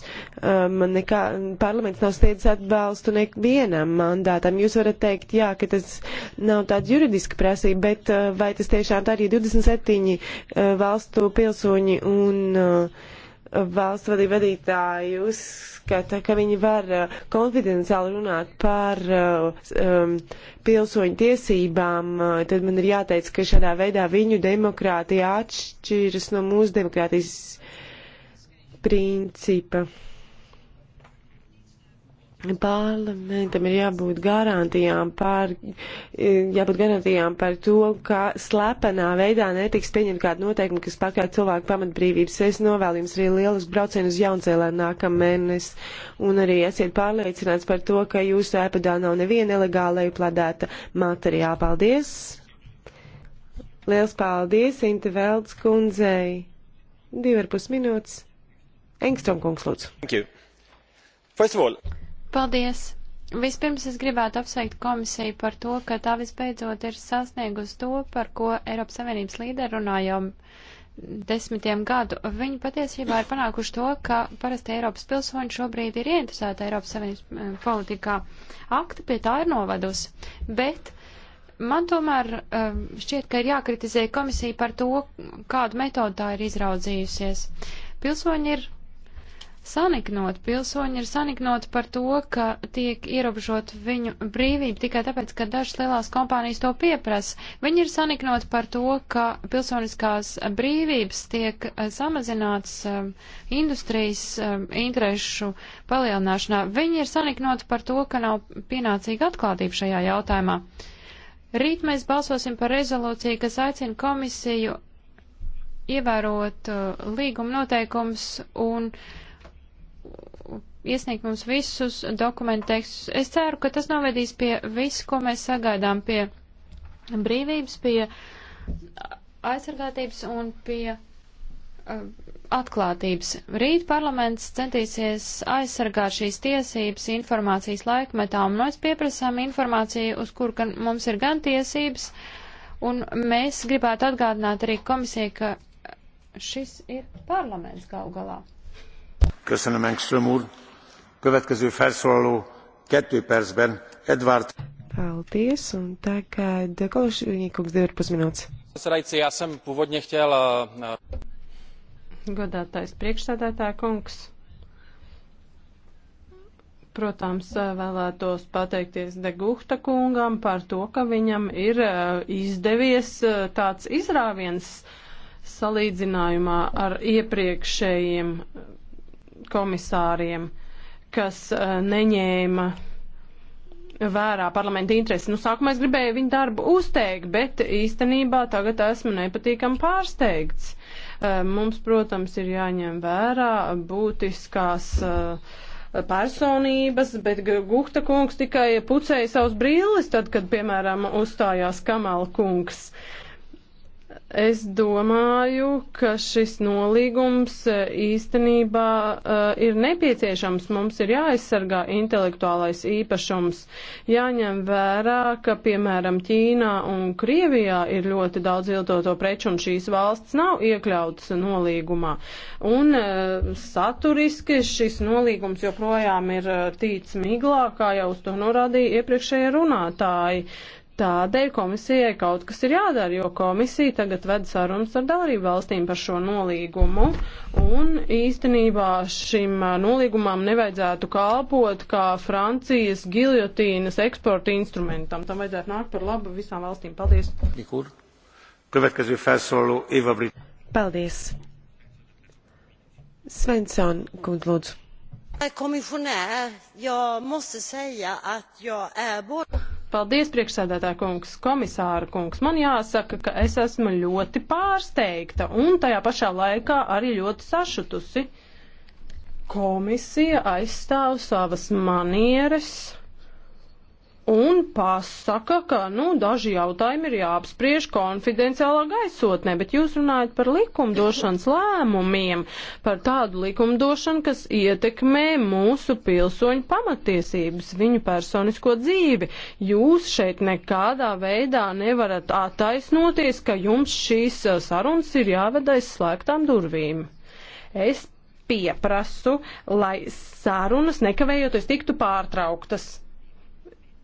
Man um, nekā, parlaments nav sniedzis atbalstu nevienam mandātam. Jūs varat teikt, jā, ka tas nav tāda juridiska prasība, bet vai tas tiešām tā arī 27 valstu pilsoņi pilsoņi un uh, valsts vadība vadītāji uzskata, ka viņi var uh, konfidenciāli runāt par uh, um, pilsoņu tiesībām, uh, tad man ir jāteic, ka šādā veidā viņu demokrātija atšķiras no mūsu demokrātijas principa. Parlamentam ir jābūt garantijām par, jābūt garantijām par to, ka slepenā veidā netiks pieņemt kādu noteikumu, kas pakāp cilvēku pamatbrīvības. Es novēlu jums arī lielisku braucienu uz Jaunzēlē nākamēnes un arī esiet pārliecināts par to, ka jūsu ēpadā nav neviena ilegāla iepladēta materiāla. Paldies! Liels paldies Inte Velds kundzei! Divi ar pus minūtes. Engstrom kungs lūdzu. Thank you. First of all. Paldies! Vispirms es gribētu apsveikt komisiju par to, ka tā visbeidzot ir sasniegusi to, par ko Eiropas Savienības līderi runā jau desmitiem gadu. Viņi patiesībā ir panākuši to, ka parasti Eiropas pilsoņi šobrīd ir ieinteresēti Eiropas Savienības eh, politikā. Akti pie tā ir novadusi. Bet man tomēr eh, šķiet, ka ir jākritizē komisija par to, kādu metodu tā ir izraudzījusies. Pilsoņi ir saniknoti, pilsoņi ir saniknoti par to, ka tiek ierobežot viņu brīvību tikai tāpēc, ka dažas lielās kompānijas to pieprasa. Viņi ir saniknoti par to, ka pilsoniskās brīvības tiek eh, samazināts um, industrijas um, eh, interešu palielināšanā. Viņi ir saniknoti par to, ka nav pienācīga atklātība šajā jautājumā. Rīt mēs balsosim par rezolūciju, kas aicina komisiju ievērot uh, līguma noteikums un uh, iesniegt mums visus dokumentu tekstus. Es ceru, ka tas novedīs pie viss, ko mēs sagaidām, pie brīvības, pie aizsargātības un pie uh, atklātības. Rīt parlaments centīsies aizsargāt šīs tiesības informācijas laikmetā, un mēs pieprasām informāciju, uz kur gan, mums ir gan tiesības, un mēs gribētu atgādināt arī komisijai, ka šis ir parlaments gal galā. Köszönöm, Engström úr! Következő felszólaló kettő percben Edvard. Paldies, un tagad Kološīnīkums 12 minūtes. Saraici, jā, sem původně chtěl... Godātais priekšsēdētāja kungs, protams, vēlētos pateikties Degūta kungam par to, ka viņam ir e, izdevies e, tāds izrāviens salīdzinājumā ar iepriekšējiem e, komisāriem. Uh, kas eh, neņēma vērā parlamenta interesi. Nu, sākumā es gribēju viņu darbu uzteikt, bet īstenībā tagad esmu nepatīkam pārsteigts. Eh, mums, protams, ir jāņem vērā būtiskās eh, personības, bet Guhta kungs tikai pucēja savus brīlis, tad, kad, piemēram, uzstājās Kamala kungs. Uh, Es domāju, ka šis nolīgums e, īstenībā e, ir nepieciešams. Mums ir jāaizsargā intelektuālais īpašums. Jāņem vērā, ka, piemēram, Ķīnā un Krievijā ir ļoti daudz iltoto preču, un šīs valsts nav iekļautas nolīgumā. Un e, saturiski šis nolīgums joprojām ir tīts miglā, kā jau uz to norādīja iepriekšējie runātāji. Tādēļ komisijai kaut kas ir jādara, jo komisija tagad ved sarunas ar dalību valstīm par šo nolīgumu, un īstenībā šim nolīgumam nevajadzētu kalpot kā Francijas giljotīnas eksporta instrumentam. Tam vajadzētu nākt par labu visām valstīm. Paldies! Paldies! Svensson, god lūdzu. Komisionär, jag måste säga att jag är både... Paldies, priekšsēdētāja kungs, komisāra kungs. Man jāsaka, ka es esmu ļoti pārsteigta un tajā pašā laikā arī ļoti sašutusi. Komisija aizstāv savas manieres un pasaka, ka nu, daži jautājumi ir jāapspriež konfidenciālā gaisotnē, bet jūs runājat par likumdošanas lēmumiem, par tādu likumdošanu, kas ietekmē mūsu pilsoņu pamatiesības, viņu personisko dzīvi. Jūs šeit nekādā veidā nevarat attaisnoties, ka jums šīs sarunas ir jāved aiz slēgtām durvīm. Es pieprasu, lai sarunas nekavējoties tiktu pārtrauktas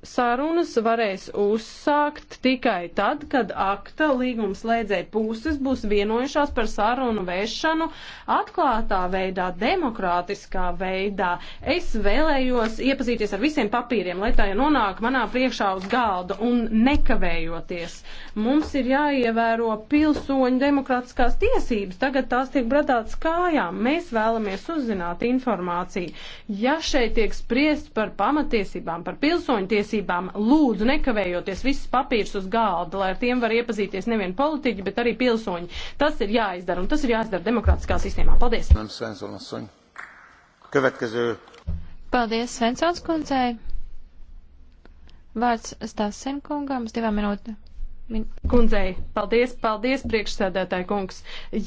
sarunas varēs uzsākt tikai tad, kad akta līgums slēdzēja puses būs vienojušās par sarunu vēršanu atklātā veidā, demokrātiskā veidā. Es vēlējos iepazīties ar visiem papīriem, lai tā jau nonāk manā priekšā uz galda un nekavējoties. Mums ir jāievēro pilsoņu demokrātiskās tiesības, tagad tās tiek bradāts kājām. Mēs vēlamies uzzināt informāciju. Ja šeit tiek spriest par pamatiesībām, par pilsoņu tiesībām, pamatiesībām, lūdzu nekavējoties visus papīrus uz galda, lai ar tiem var iepazīties nevien politiķi, bet arī pilsoņi. Tas ir jāizdara, un tas ir jāizdara demokrātiskā sistēmā. Paldies! Paldies, Svensons kundzei! Vārds Stasim kungam uz divām minūtēm. Min... Kundzei, paldies, paldies, priekšsēdētāji kungs.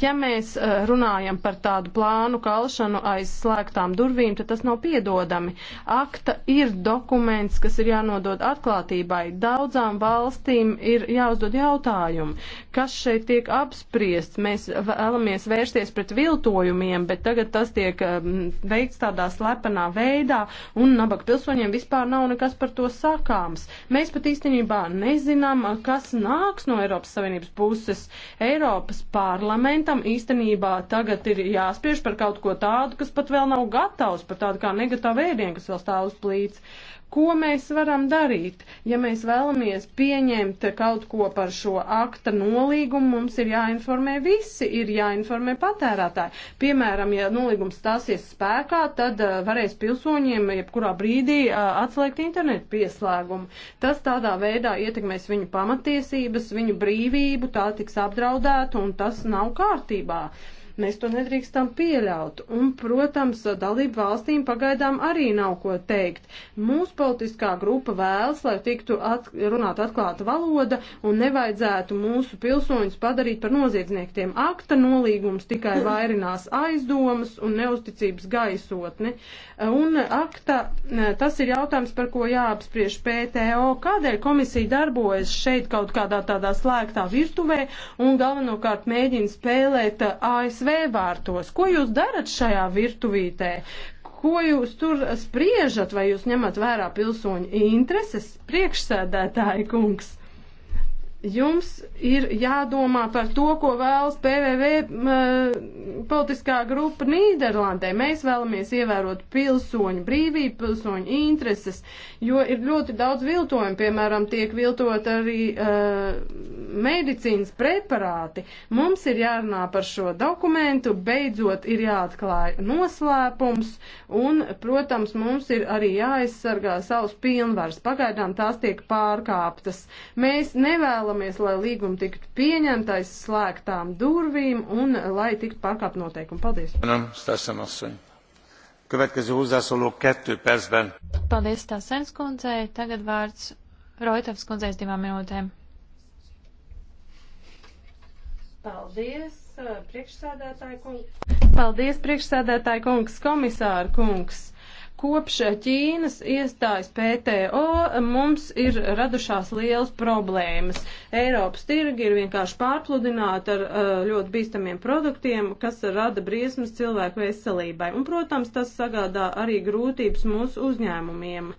Ja mēs eh, runājam par tādu plānu kalšanu aiz slēgtām durvīm, tad tas nav piedodami. Akta ir dokuments, kas ir jānodod atklātībai. Daudzām valstīm ir jāuzdod jautājumi, kas šeit tiek apspriests. Mēs vēlamies vērsties pret viltojumiem, bet tagad tas tiek ehm, veikts tādā slepenā veidā, un nabaga pilsoņiem vispār nav nekas par to sakāms. Mēs pat īstenībā nezinām, kas nav nāks no Eiropas Savienības puses. Eiropas parlamentam īstenībā tagad ir jāspiež par kaut ko tādu, kas pat vēl nav gatavs, par tādu kā negatāvu ēdienu, kas vēl stāv uz plīts. Ko mēs varam darīt? Ja mēs vēlamies pieņemt kaut ko par šo akta nolīgumu, mums ir jāinformē visi, ir jāinformē patērētāji. Piemēram, ja nolīgums stāsies spēkā, tad uh, varēs pilsoņiem jebkurā brīdī uh, atslēgt internetu pieslēgumu. Tas tādā veidā ietekmēs viņu pamatiesības, viņu brīvību, tā tiks apdraudēta un tas nav kārtībā. Uh, Mēs to nedrīkstam pieļaut. Un, protams, dalību valstīm pagaidām arī nav ko teikt. Mūsu politiskā grupa vēlas, lai tiktu at runāt atklāta valoda un nevajadzētu mūsu pilsoņus padarīt par noziedzniekiem. Akta nolīgums tikai vairinās aizdomas un neusticības gaisotni. Un akta, tas ir jautājums, par ko jāapspriež PTO. Kādēļ komisija darbojas šeit kaut kādā tādā slēgtā virtuvē un galvenokārt mēģina spēlēt ASV? ASV vārtos. Ko jūs darat šajā virtuvītē? Ko jūs tur spriežat, vai jūs ņemat vērā pilsoņu intereses? Priekšsēdētāji kungs jums ir jādomā par to, ko vēlas PVV politiskā grupa Nīderlandē. Mēs vēlamies ievērot pilsoņu brīvību, pilsoņu intereses, jo ir ļoti daudz viltojumu. Piemēram, tiek viltot arī uh, medicīnas preparāti. Mums ir jārunā par šo dokumentu, beidzot ir jāatklāj noslēpums un, protams, mums ir arī jāaizsargā savus pilnvars. Pagaidām tās tiek pārkāptas. Mēs nevēlamies vēlamies, lai līguma tiktu pieņemta aiz slēgtām durvīm un lai tiktu pārkāpt noteikumi. Paldies! Paldies, Stāsens kundzei. Tagad vārds Roitovs kundzei uz divām minūtēm. Paldies, priekšsēdētāji kungs. Paldies, priekšsēdētāji kungs, komisāra kungs. Kopš Ķīnas iestājas PTO mums ir radušās lielas problēmas. Eiropas tirgi ir vienkārši pārpludināti ar uh, ļoti bīstamiem produktiem, kas rada briesmas cilvēku veselībai. Un, protams, tas sagādā arī grūtības mūsu uzņēmumiem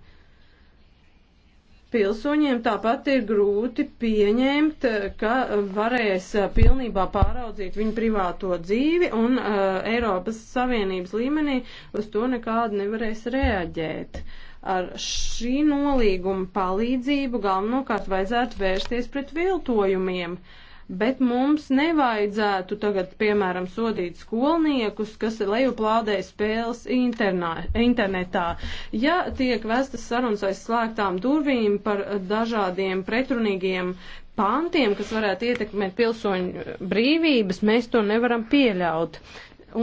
pilsoņiem tāpat ir grūti pieņemt, eh, ka varēs eh, pilnībā pāraudzīt viņu privāto dzīvi un uh, Eiropas Savienības līmenī uz to nekādu nevarēs reaģēt. Ar šī nolīguma palīdzību galvenokārt vajadzētu vērsties pret viltojumiem. Uh, bet mums nevajadzētu tagad, piemēram, sodīt skolniekus, kas lejuplādē spēles internā, internetā. Ja tiek vestas sarunas aiz slēgtām durvīm par dažādiem pretrunīgiem pantiem, kas varētu ietekmēt pilsoņu brīvības, mēs to nevaram pieļaut.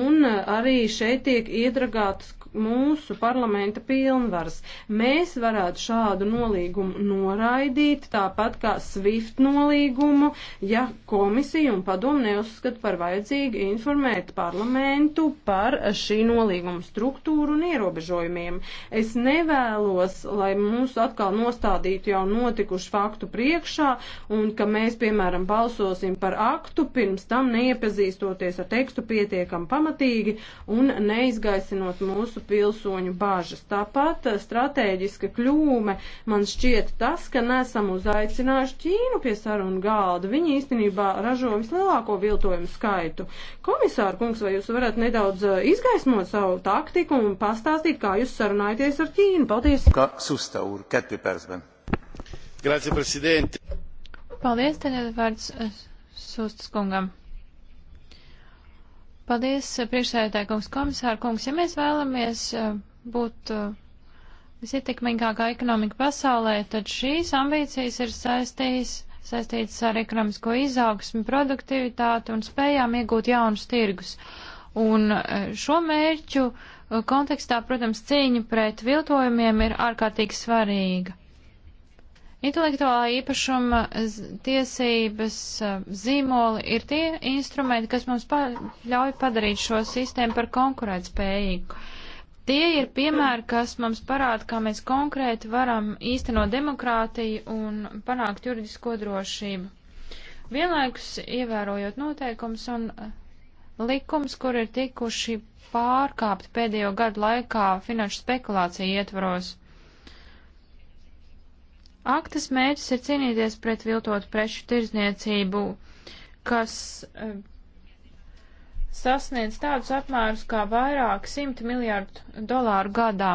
Un eh, arī šeit tiek iedragātas mūsu parlamenta pilnvaras. Mēs varētu šādu nolīgumu noraidīt, tāpat kā SWIFT nolīgumu, ja komisija un padomu neuzskata par vajadzīgu informēt parlamentu par šī nolīguma struktūru un ierobežojumiem. Es nevēlos, lai mūs atkal nostādītu jau notikušu faktu priekšā un ka mēs, piemēram, balsosim par aktu, pirms tam neiepazīstoties ar tekstu pietiekam pamatīgi un neizgaisinot mūsu mūsu pilsoņu bažas. Tāpat eh, strateģiska kļūme man šķiet tas, ka nesam uzaicinājuši Ķīnu pie sarunu galda. Viņi īstenībā ražo vislielāko viltojumu skaitu. Komisāra kungs, vai jūs varat nedaudz eh, izgaismot savu taktiku un pastāstīt, kā jūs sarunājaties ar Ķīnu? Paldies! Kā sustaur, ketri persben. Grazie, prezidenti! Paldies, tagad vārds eh, Sustas kungam. Paldies, eh, priekšsēdētāji kungs, komisāra kungs. Ja mēs vēlamies eh, būt eh, visietekmīgākā ekonomika pasaulē, tad šīs ambīcijas ir saistīs, saistītas ar ekonomisko izaugsmi, produktivitāti un spējām iegūt jaunus tirgus. Un šo mērķu kontekstā, protams, cīņa pret viltojumiem ir ārkārtīgi svarīga. Intelektuālā īpašuma tiesības zīmoli ir tie instrumenti, kas mums pa ļauj padarīt šo sistēmu par konkurētspējīgu. Tie ir piemēri, kas mums parāda, kā mēs konkrēti varam īstenot demokrātiju un panākt juridisko drošību. Vienlaikus ievērojot noteikums un likums, kur ir tikuši pārkāpti pēdējo gadu laikā finanšu spekulāciju ietvaros. Aktas mērķis ir cīnīties pret viltotu preču tirzniecību, kas uh, sasniedz tādus apmērus kā vairāk simt miljārdu dolāru gadā.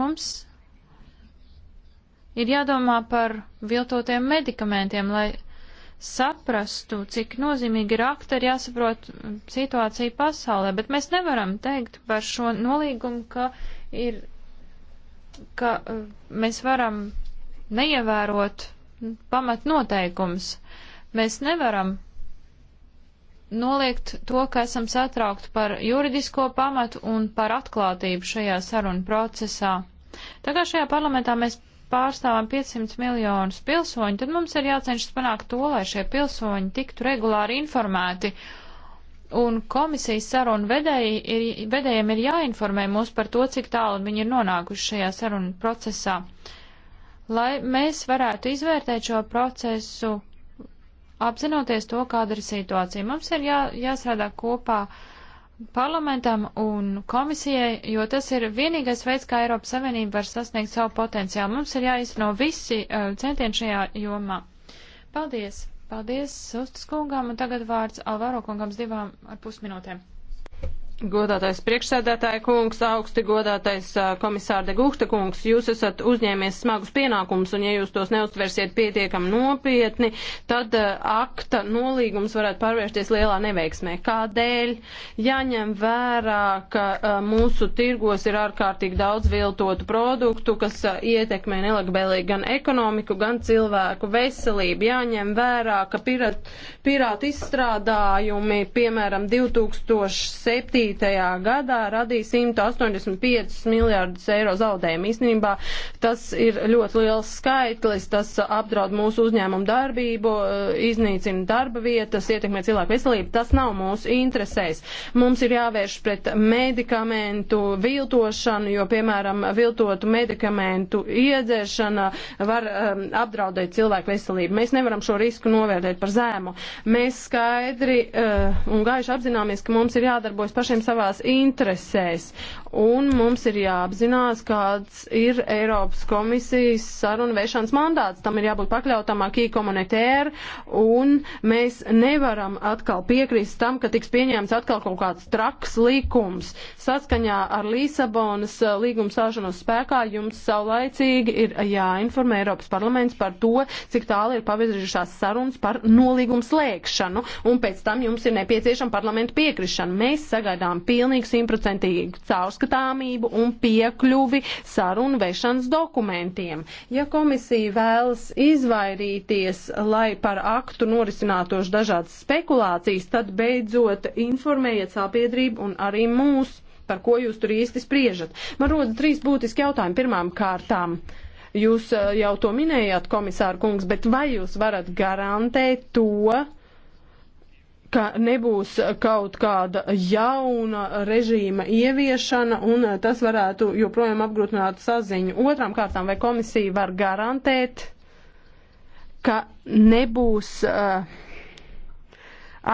Mums ir jādomā par viltotiem medikamentiem, lai saprastu, cik nozīmīgi ir akta, ir jāsaprot situācija pasaulē, bet mēs nevaram teikt par šo nolīgumu, ka uh, ir, ka eh, mēs varam neievērot pamat noteikums. Mēs nevaram noliegt to, ka esam satraukti par juridisko pamatu un par atklātību šajā sarunu procesā. Tā kā šajā parlamentā mēs pārstāvam 500 miljonus pilsoņu, tad mums ir jācenšas panākt to, lai šie pilsoņi tiktu regulāri informēti Un komisijas sarunu vedēji ir, vedējiem ir jāinformē mūs par to, cik tālu viņi ir nonākuši šajā sarunu procesā, lai mēs varētu izvērtēt šo procesu, apzinoties to, kāda ir situācija. Mums ir jā, jāsrādā kopā parlamentam un komisijai, jo tas ir vienīgais veids, kā Eiropas Savienība var sasniegt savu potenciālu. Mums ir jāizno visi uh, centieni šajā jomā. Paldies! Paldies Sustas kungām, un tagad vārds Alvaro kungams divām ar pusminūtēm. Godātais priekšsēdētāja kungs, augsti godātais komisāra de Guhta kungs, jūs esat uzņēmies smagus pienākumus, un ja jūs tos neuztversiet pietiekam nopietni, tad akta nolīgums varētu pārvērsties lielā neveiksmē. Kādēļ? Jāņem vērā, ka mūsu tirgos ir ārkārtīgi daudz viltotu produktu, kas ietekmē nelabvēlīgi gan ekonomiku, gan cilvēku veselību. Jāņem vērā, ka pirāt, pirāt izstrādājumi, piemēram, 2007. 2007. gadā radīja 185 miljārdus eiro zaudējumu. Īstenībā tas ir ļoti liels skaitlis, tas apdraud mūsu uzņēmumu darbību, iznīcina darba vietas, ietekmē cilvēku veselību. Tas nav mūsu interesēs. Mums ir jāvērš pret medikamentu viltošanu, jo, piemēram, viltotu medikamentu iedzēšana var um, apdraudēt cilvēku veselību. Mēs nevaram šo risku novērtēt par zēmu. Mēs skaidri uh, un gaiši apzināmies, ka mums ir jādarbojas pašiem cilvēkiem savās interesēs un mums ir jāapzinās, kāds ir Eiropas komisijas sarunu vešanas mandāts. Tam ir jābūt pakļautam akī komunitēri, un mēs nevaram atkal piekrist tam, ka tiks pieņēmts atkal kaut kāds traks likums. Saskaņā ar Līsabonas eh, līgumu stāšanos spēkā jums saulaicīgi ir jāinformē Eiropas parlaments par to, cik tālu ir pavirzījušās sarunas par nolīgumu slēgšanu, un pēc tam jums ir nepieciešama parlamenta piekrišana. Mēs sagaidām pilnīgi simtprocentīgi caurs caurskatāmību un piekļuvi sarunu vešanas dokumentiem. Ja komisija vēlas izvairīties, lai par aktu norisinātoši dažādas spekulācijas, tad beidzot informējiet sabiedrību un arī mūs, par ko jūs tur īsti spriežat. Man rodas trīs būtiski jautājumi pirmām kārtām. Jūs eh, jau to minējāt, komisāra kungs, bet vai jūs varat garantēt to, ka nebūs kaut kāda jauna režīma ieviešana, un tas varētu joprojām apgrūtināt saziņu. Otrām kārtām, vai komisija var garantēt, ka nebūs uh,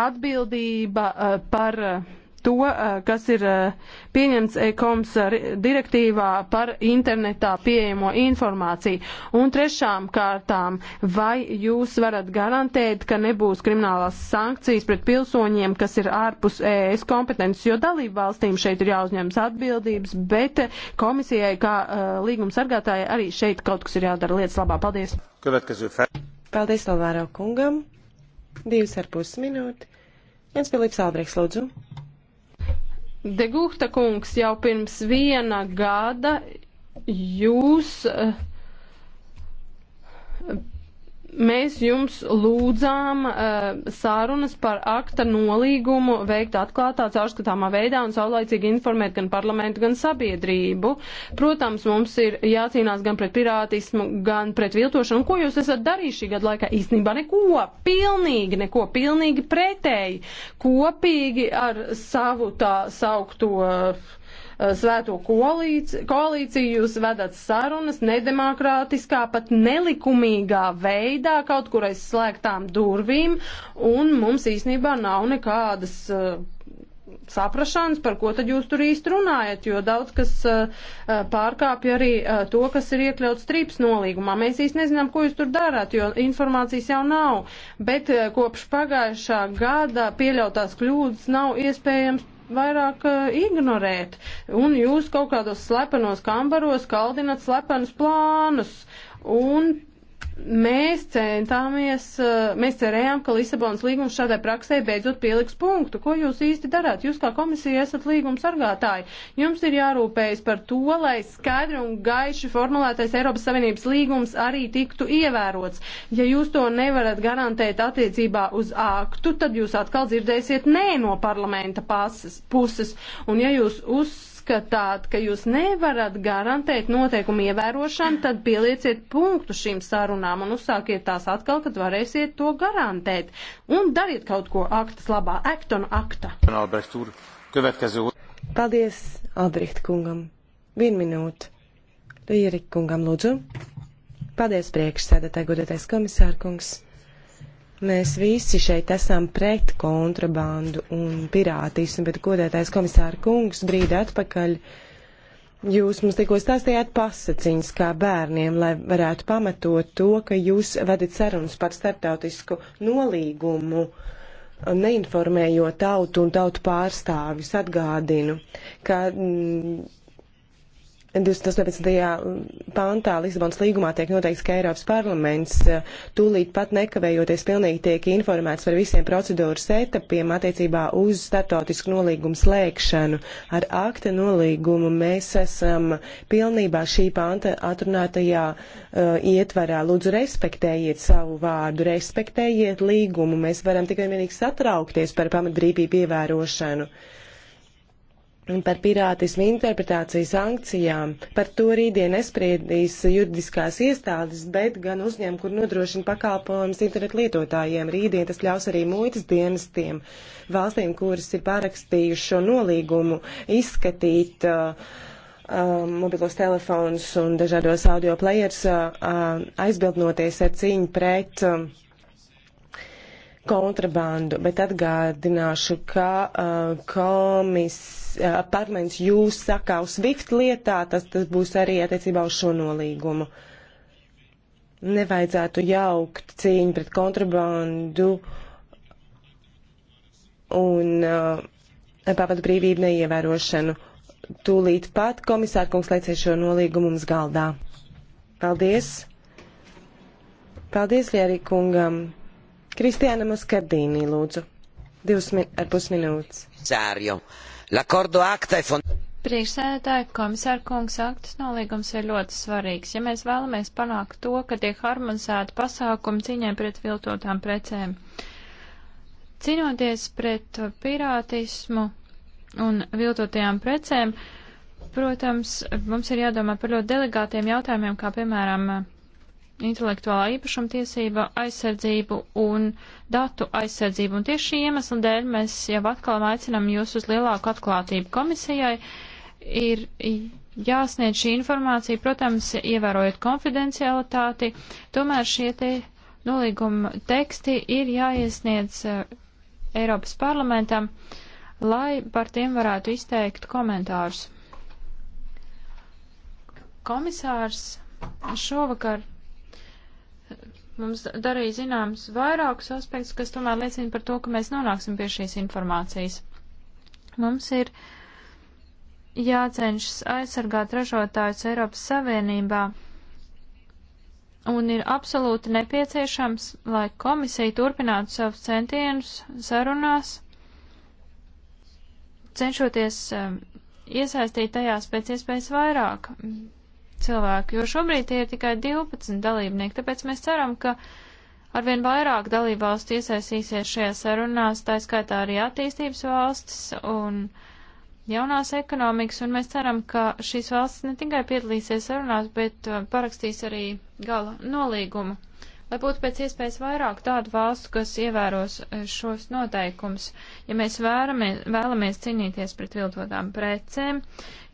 atbildība uh, par. Uh, to, eh, kas ir eh, pieņemts ECOMS eh, direktīvā par internetā pieejamo informāciju. Un trešām kārtām, vai jūs varat garantēt, ka nebūs kriminālās sankcijas pret pilsoņiem, kas ir ārpus ES kompetences, jo dalību valstīm šeit ir jāuzņemas atbildības, bet komisijai kā līguma sargātājai arī šeit kaut kas ir jādara lietas labā. Paldies! Paldies, Alvāro kungam! Divas ar pus minūti. Viens Filips Albrechts, lūdzu. Degūhta kungs jau pirms viena gada jūs eh, mēs jums lūdzām uh, sārunas par akta nolīgumu veikt atklātā, caurskatāmā veidā un saulaicīgi informēt gan parlamentu, gan sabiedrību. Protams, mums ir jācīnās gan pret pirātismu, gan pret viltošanu. Ko jūs esat darījuši šī gada laikā? Īstenībā neko, pilnīgi neko, pilnīgi pretēji, kopīgi ar savu tā saukto. Uh, Uh, svēto koalīciju, jūs vedat sarunas nedemokrātiskā, pat nelikumīgā veidā, kaut kur aiz slēgtām durvīm, un mums īstenībā nav nekādas uh, saprašanas, par ko tad jūs tur īsti runājat, jo daudz kas uh, uh pārkāpja arī uh, to, kas ir iekļauts strīps nolīgumā. Mēs īsti nezinām, ko jūs tur darāt, jo informācijas jau nav, bet uh, kopš pagājušā gada pieļautās kļūdas nav iespējams vairāk uh, ignorēt, un jūs kaut kādos slepenos kambaros kaldinat slepenus plānus, un Mēs centāmies, eh, mēs cerējām, ka Lisabonas līgums šādai praksē beidzot pieliks punktu. Ko jūs īsti darāt? Jūs kā komisija esat līguma sargātāji. Jums ir jārūpējas par to, lai skaidri un gaiši formulētais Eiropas Savienības līgums arī tiktu ievērots. Ja jūs to nevarat garantēt attiecībā uz aktu, tad jūs atkal dzirdēsiet nē no parlamenta pases, puses. Un ja jūs uz uzskatāt, ka jūs nevarat garantēt noteikumu ievērošanu, tad pielieciet punktu šīm sarunām un uzsākiet tās atkal, kad varēsiet to garantēt. Un dariet kaut ko aktas labā, act on akta. Paldies, Albrecht kungam. Vienu minūtu. Lierik kungam lūdzu. Paldies priekšsēdētāji, godētais komisārkungs. Mēs visi šeit esam pret kontrabandu un pirātismu, bet godētais komisāra kungs brīdi atpakaļ. Jūs mums tikko stāstījāt pasaciņas kā bērniem, lai varētu pamatot to, ka jūs vedat sarunas par starptautisku nolīgumu, neinformējot tautu un tautu pārstāvis. Atgādinu, ka. Mm, 215. pantā Lisabonas līgumā tiek noteikts, ka Eiropas parlaments eh, tūlīt pat nekavējoties pilnīgi tiek informēts par visiem procedūras etapiem attiecībā uz startautisku nolīgumu slēgšanu. Ar akta nolīgumu mēs esam pilnībā šī panta atrunātajā uh, ietvarā. Lūdzu, respektējiet savu vārdu, respektējiet līgumu. Mēs varam tikai vienīgi satraukties par pamatbrīvību ievērošanu. Uh, Un par pirātismu interpretāciju sankcijām. Par to rītdien nespriedīs juridiskās iestādes, bet gan uzņēmumi, kur nodrošina pakalpojumus internetu lietotājiem. Rītdien tas ļaus arī muitas dienestiem valstīm, kuras ir pārakstījuši šo nolīgumu, izskatīt uh, uh, mobilos telefonus un dažādos audio players, uh, uh aizbildnoties ar cīņu pret um, kontrabandu. Bet atgādināšu, ka uh, komisija Eh, parlaments jūs sakā uz SWIFT lietā, tas, tas būs arī attiecībā uz šo nolīgumu. Nevajadzētu jaukt cīņu pret kontrabandu un uh, eh, papildu brīvību neievērošanu. Tūlīt pat komisārkungs laicē šo nolīgumu mums galdā. Paldies! Paldies Lierī kungam! Kristiāna Maskardīnī lūdzu. Divas min ar pus minūtes. Zārjo. Priekšsēdētāji, komisāra kungs, aktas nolīgums ir ļoti svarīgs. Ja mēs vēlamies panākt to, ka tiek harmonizēta pasākuma ciņai pret viltotām precēm, cīnoties pret pirātismu un viltotajām precēm, protams, mums ir jādomā par ļoti delegātiem jautājumiem, kā piemēram intelektuālā īpašuma tiesība aizsardzību un datu aizsardzību. Un tieši šī iemesla dēļ mēs jau atkal aicinām jūs uz lielāku atklātību komisijai. Ir jāsniedz šī informācija, protams, ievērojot konfidencialitāti, tomēr šie te nolīguma teksti ir jāiesniedz eh, Eiropas parlamentam, lai par tiem varētu izteikt komentārus. Komisārs šovakar mums darīja zināms vairākus aspektus, kas tomēr liecina par to, ka mēs nonāksim pie šīs informācijas. Mums ir jācenšas aizsargāt ražotājus Eiropas Savienībā un ir absolūti nepieciešams, lai komisija turpinātu savus centienus sarunās, cenšoties um, iesaistīt tajās pēc iespējas vairāk cilvēku, jo šobrīd tie ir tikai 12 dalībnieki, tāpēc mēs ceram, ka arvien vairāk dalībvalstu iesaistīsies šajā sarunās, tā skaitā arī attīstības valstis un jaunās ekonomikas, un mēs ceram, ka šīs valstis ne tikai piedalīsies sarunās, bet uh, parakstīs arī gala nolīgumu lai būtu pēc iespējas vairāk tādu valstu, kas ievēros eh, šos noteikumus, ja mēs vēramies, vēlamies cīnīties pret viltotām precēm,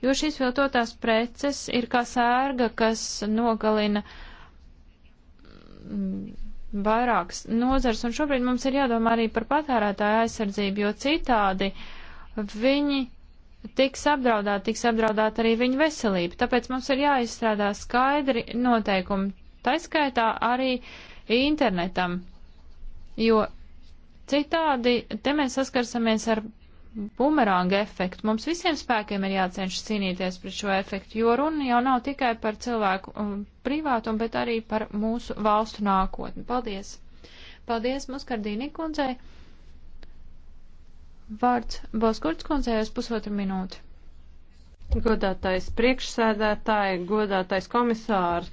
jo šīs viltotās preces ir kā sērga, kas nogalina mm, vairākas nozars, un šobrīd mums ir jādomā arī par patērētāju aizsardzību, jo citādi viņi tiks apdraudāti, tiks apdraudāta arī viņa veselība. Tāpēc mums ir jāizstrādā skaidri noteikumi. Taiskaitā arī internetam, jo citādi te mēs saskarsamies ar bumerānga efektu. Mums visiem spēkiem ir jācenšas cīnīties pret šo efektu, jo runa jau nav tikai par cilvēku um, privātumu, bet arī par mūsu valstu nākotni. Paldies! Paldies Muskardīni kundzei! Vārds Boskurts kundzei uz pusotru minūti. Godātais priekšsēdētāji, godātais komisārs,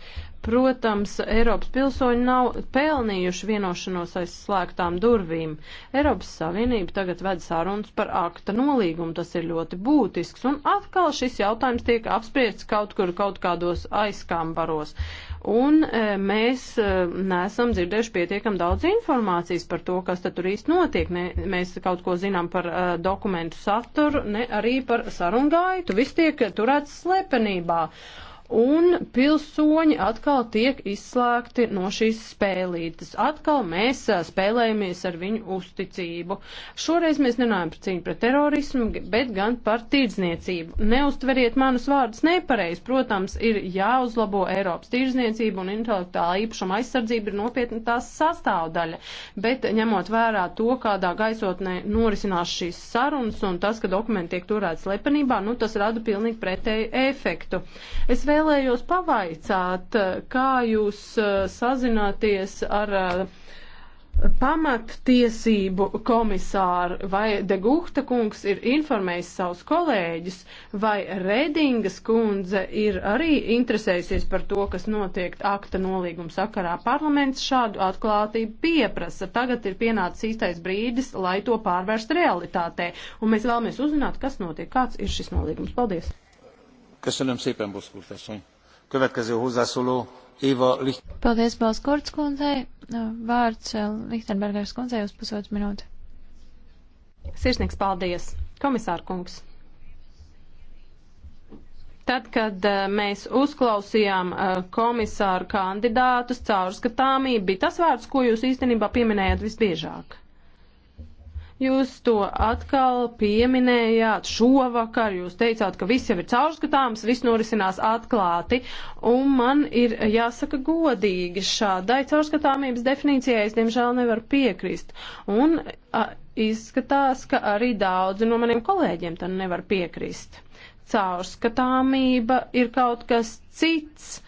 Protams, Eiropas pilsoņi nav pelnījuši vienošanos aiz slēgtām durvīm. Eiropas Savienība tagad ved sarunas par akta nolīgumu, tas ir ļoti būtisks, un atkal šis jautājums tiek apspriests kaut kur kaut kādos aizkambaros. Un e, mēs e, nesam dzirdējuši pietiekam daudz informācijas par to, kas tad tur īsti notiek. Ne, mēs kaut ko zinām par e, dokumentu saturu, ne arī par sarungaitu. Viss tiek turēts slepenībā un pilsoņi atkal tiek izslēgti no šīs spēlītes. Atkal mēs spēlējamies ar viņu uzticību. Šoreiz mēs nerunājam par cīņu pret terorismu, bet gan par tirdzniecību. Neustveriet manus vārdus nepareizi. Protams, ir jāuzlabo Eiropas tirdzniecība un intelektuāla īpašuma aizsardzība ir nopietni tās sastāvdaļa. Bet ņemot vērā to, kādā gaisotnē norisinās šīs sarunas un tas, ka dokumenti tiek turēti slepenībā, nu tas rada pilnīgi pretēju efektu. Es vēl vēlējos pavaicāt, kā jūs eh, sazināties ar eh, pamattiesību komisāru, vai Degūhta kungs ir informējis savus kolēģus, vai Redingas kundze ir arī interesējusies par to, kas notiek akta nolīguma sakarā. Parlaments šādu atklātību pieprasa. Tagad ir pienācis īstais brīdis, lai to pārvērst realitātē. Un mēs vēlamies uzzināt, kas notiek, kāds ir šis nolīgums. Paldies! Köszönöm szépen, Boszkurt asszony. Következő hozzászóló Éva Lichtenberger. Paldies, Balskurts kundzei. Vārds eh, Lichtenbergers kundzei uz pusotru minūti. Sirsnīgs paldies, komisār kungs. Tad, kad eh, mēs uzklausījām eh, komisāru kandidātus, caurskatāmība bija tas vārds, ko jūs īstenībā pieminējat visbiežāk. Jūs to atkal pieminējāt šovakar, jūs teicāt, ka viss jau ir caurskatāms, viss norisinās atklāti, un man ir jāsaka godīgi šādai caurskatāmības definīcijai es diemžēl nevaru piekrist. Un a, izskatās, ka arī daudzi no maniem kolēģiem tam nevar piekrist. Caurskatāmība ir kaut kas cits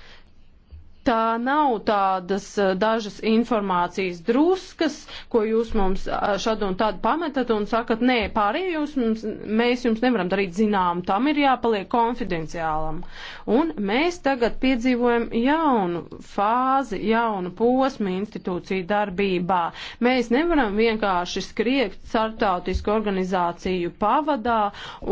tā nav tādas eh, dažas informācijas druskas, ko jūs mums eh, šad un tad pametat un sakat, nē, pārējie jūs mums, mēs jums nevaram darīt zinām, tam ir jāpaliek konfidenciālam. Un mēs tagad piedzīvojam jaunu fāzi, jaunu posmu institūciju darbībā. Mēs nevaram vienkārši skriekt startautisku organizāciju pavadā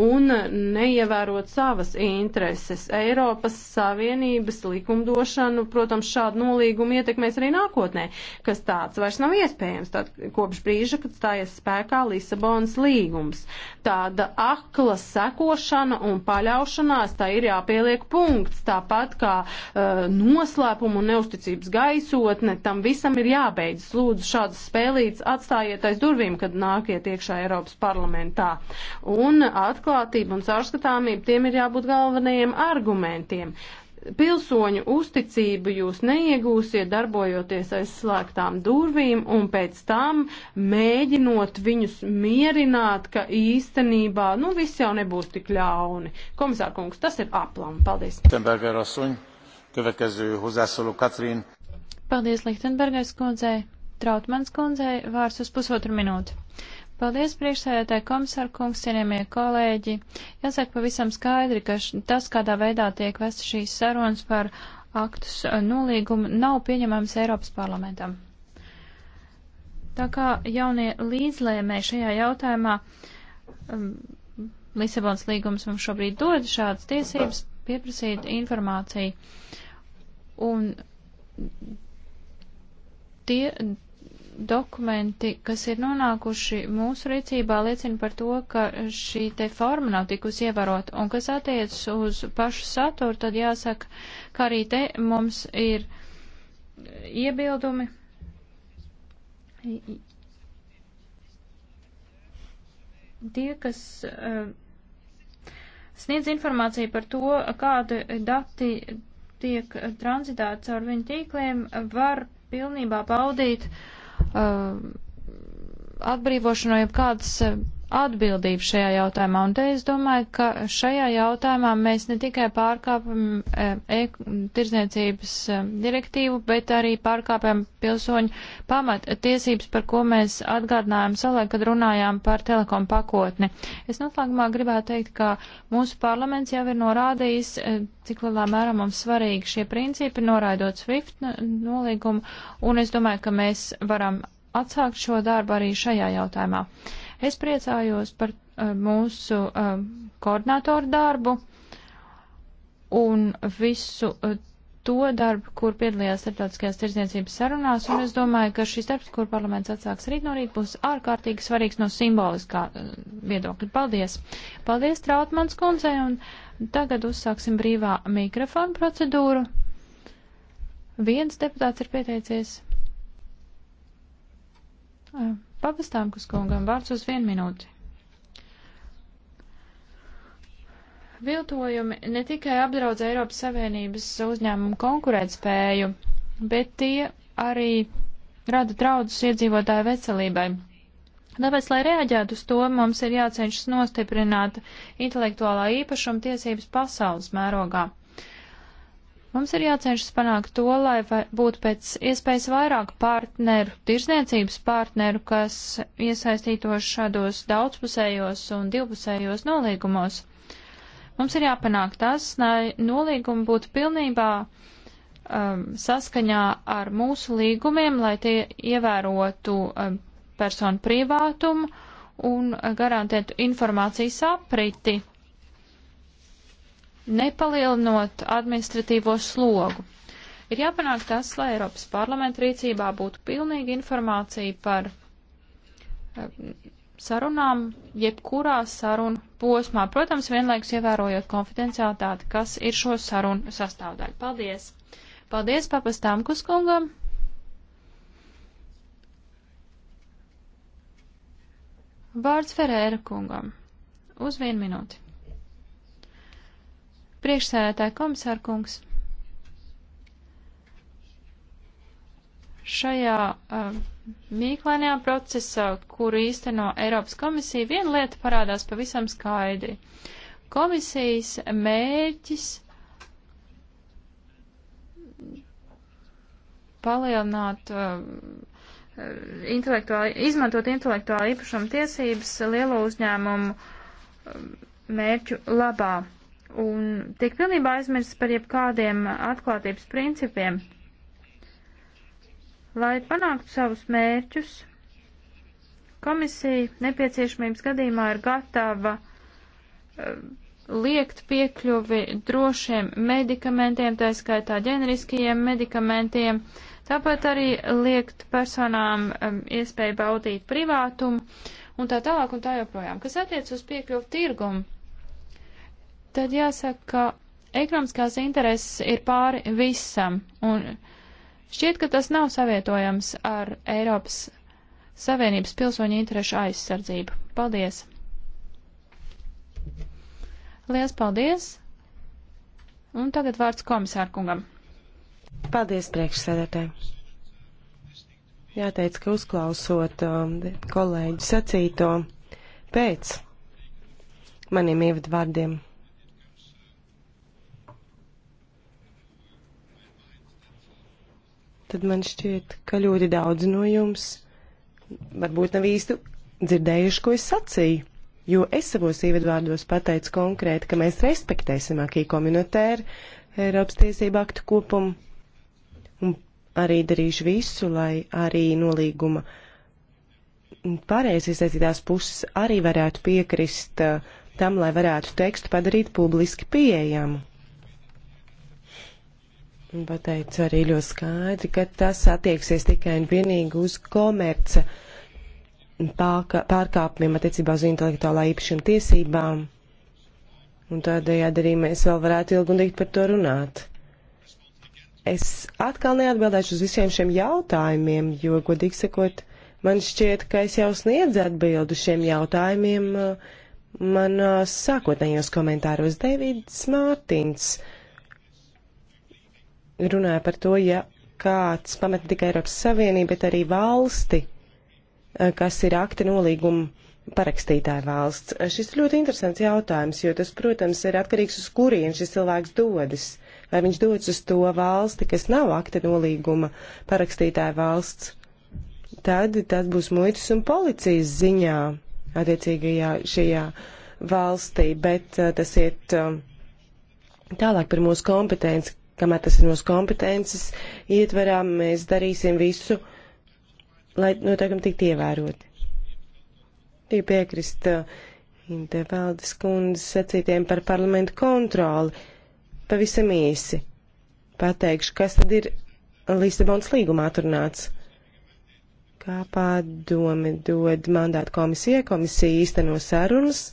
un neievērot savas intereses. Eiropas Savienības likumdošanu, protams, protams, šādu nolīgumu ietekmēs arī nākotnē, kas tāds vairs nav iespējams tad, kopš brīža, kad stājas spēkā Lisabonas līgums. Tāda akla sekošana un paļaušanās, tā ir jāpieliek punkts, tāpat kā uh, eh, noslēpuma un neusticības gaisotne, tam visam ir jābeidzas. Lūdzu, šādas spēlītas atstājiet aiz durvīm, kad nākiet iekšā Eiropas parlamentā. Un atklātība un caurskatāmība tiem ir jābūt galvenajiem argumentiem. Pilsoņu uzticību jūs neiegūsiet darbojoties aiz slēgtām durvīm un pēc tam mēģinot viņus mierināt, ka īstenībā, nu, viss jau nebūs tik ļauni. Komisārkungs, tas ir aplam. Paldies. Paldies, Lichtenbergais kundzei. Trautmans kundzei vārds uz pusotru minūti. Paldies, priekšsēdētāji komisāra kungs, cienījamie kolēģi. Jāsaka pavisam skaidri, ka tas, kādā veidā tiek vest šīs sarunas par aktus nolīgumu, nav pieņemams Eiropas parlamentam. Tā kā jaunie līdzlēmēji šajā jautājumā um, Lisabons līgums mums šobrīd dod šādas tiesības pieprasīt informāciju. Un tie dokumenti, kas ir nonākuši mūsu rīcībā, liecina par to, ka šī te forma nav tikusi ievērot. Un kas attiecas uz pašu saturu, tad jāsaka, ka arī te mums ir iebildumi. Tie, kas uh, sniedz informāciju par to, kādi dati tiek tranzitēti caur viņu tīkliem, var pilnībā baudīt uh, Um, atbrīvošanu, jeb kādas atbildību šajā jautājumā. Un te es domāju, ka šajā jautājumā mēs ne tikai pārkāpam eh, e, tirzniecības e, direktīvu, bet arī pārkāpam pilsoņu pamat tiesības, par ko mēs atgādinājām salē, kad runājām par telekom pakotni. Es noslēgumā gribētu teikt, ka mūsu parlaments jau ir norādījis, e, cik lielā mērā mums svarīgi šie principi, noraidot SWIFT nolīgumu, un es domāju, ka mēs varam atsākt šo darbu arī šajā jautājumā. Es priecājos par uh, mūsu uh, koordinātoru darbu un visu uh, to darbu, kur piedalījās starptautiskajās tirdzniecības sarunās, un es domāju, ka šis darbs, kur parlaments atsāks rīt no rīt, būs ārkārtīgi svarīgs no simboliskā viedokļa. Paldies! Paldies Trautmans kundzei, un tagad uzsāksim brīvā mikrofonu procedūru. Viens deputāts ir pieteicies. Uh. Papastām, kas kungam vārds uz vienu minūti. Viltojumi ne tikai apdraudz Eiropas Savienības uzņēmumu konkurētspēju, bet tie arī rada draudus iedzīvotāju veselībai. Tāpēc, lai reaģētu uz to, mums ir jācenšas nostiprināt intelektuālā īpašuma tiesības pasaules mērogā. Mums ir jācenšas panākt to, lai būtu pēc iespējas vairāk partneru, tirzniecības partneru, kas iesaistītos šādos daudzpusējos un divpusējos nolīgumos. Mums ir jāpanāk tas, lai nolīgumi būtu pilnībā um, saskaņā ar mūsu līgumiem, lai tie ievērotu um, personu privātumu un garantētu informācijas apriti nepalielinot administratīvo slogu. Ir jāpanāk tas, lai Eiropas parlamenta rīcībā būtu pilnīga informācija par eh, sarunām, jebkurā sarunu posmā, protams, vienlaikus ievērojot konfidenciālitāti, kas ir šo sarunu sastāvdaļa. Paldies! Paldies papastām kuskungam! Vārds Ferēra kungam. Uz vienu minūti. Priekšsēdētāja komisārkungs. Šajā uh, eh, mīklainajā procesā, kuru īsteno Eiropas komisija, viena lieta parādās pavisam skaidri. Komisijas mērķis palielināt uh, eh, intelektuāli, izmantot intelektuāli īpašumu tiesības lielo uzņēmumu eh, mērķu labā un tiek pilnībā aizmirsts par jebkādiem atklātības principiem. Lai panāktu savus mērķus, komisija nepieciešamības gadījumā ir gatava uh, liekt piekļuvi drošiem medikamentiem, tā skaitā ģeneriskajiem medikamentiem, tāpat arī liekt personām um, iespēju baudīt privātumu un tā tālāk un tā joprojām. Kas attiec uz piekļuvu tirgumu, tad jāsaka, ka ekonomiskās intereses ir pāri visam, un šķiet, ka tas nav savietojams ar Eiropas Savienības pilsoņu interešu aizsardzību. Paldies! Lielas paldies! Un tagad vārds komisārkungam. Paldies, priekšsēdētāji! Jāteic, ka uzklausot um, kolēģi sacīto pēc maniem ievadvārdiem, tad man šķiet, ka ļoti daudz no jums varbūt nav īsti dzirdējuši, ko es sacīju. Jo es savos ievadvārdos pateicu konkrēti, ka mēs respektēsim akī komunitēru Eiropas tiesību aktu kopumu un arī darīšu visu, lai arī nolīguma pārējais iesaistītās puses arī varētu piekrist uh, tam, lai varētu tekstu padarīt publiski pieejamu pateicu arī ļoti skaidri, ka tas attieksies tikai un vienīgi uz komerca pārkāpumiem attiecībā uz intelektuālā īpašuma tiesībām. Un tādējādi arī mēs vēl varētu ilgi un dikti par to runāt. Es atkal neatbildēšu uz visiem šiem jautājumiem, jo, godīgi sakot, man šķiet, ka es jau sniedzu atbildu šiem jautājumiem uh, manos uh, sākotnējos komentāros. Davids Mārtiņs. Uh, runāja par to, ja kāds pamet ne tikai Eiropas Savienību, bet arī valsti, eh, kas ir akta nolīguma parakstītāja valsts. Eh, šis ir ļoti interesants jautājums, jo tas, protams, ir atkarīgs uz kurien šis cilvēks dodas. Vai viņš dodas uz to valsti, kas nav akta nolīguma parakstītāja valsts, tad tas būs muitas un policijas ziņā attiecīgajā šajā valstī, bet eh, tas iet tālāk par mūsu kompetenci, kamēr tas ir mūsu kompetences ietvarā, mēs darīsim visu, lai noteikumi tiktu ievēroti. Tie piekrist uh, Intevaldes kundzes sacītiem par parlamentu kontroli. Pavisam īsi pateikšu, kas tad ir Lisabonas līgumā atrunāts. Kā padome dod mandātu komisijai, komisija īsteno sarunas,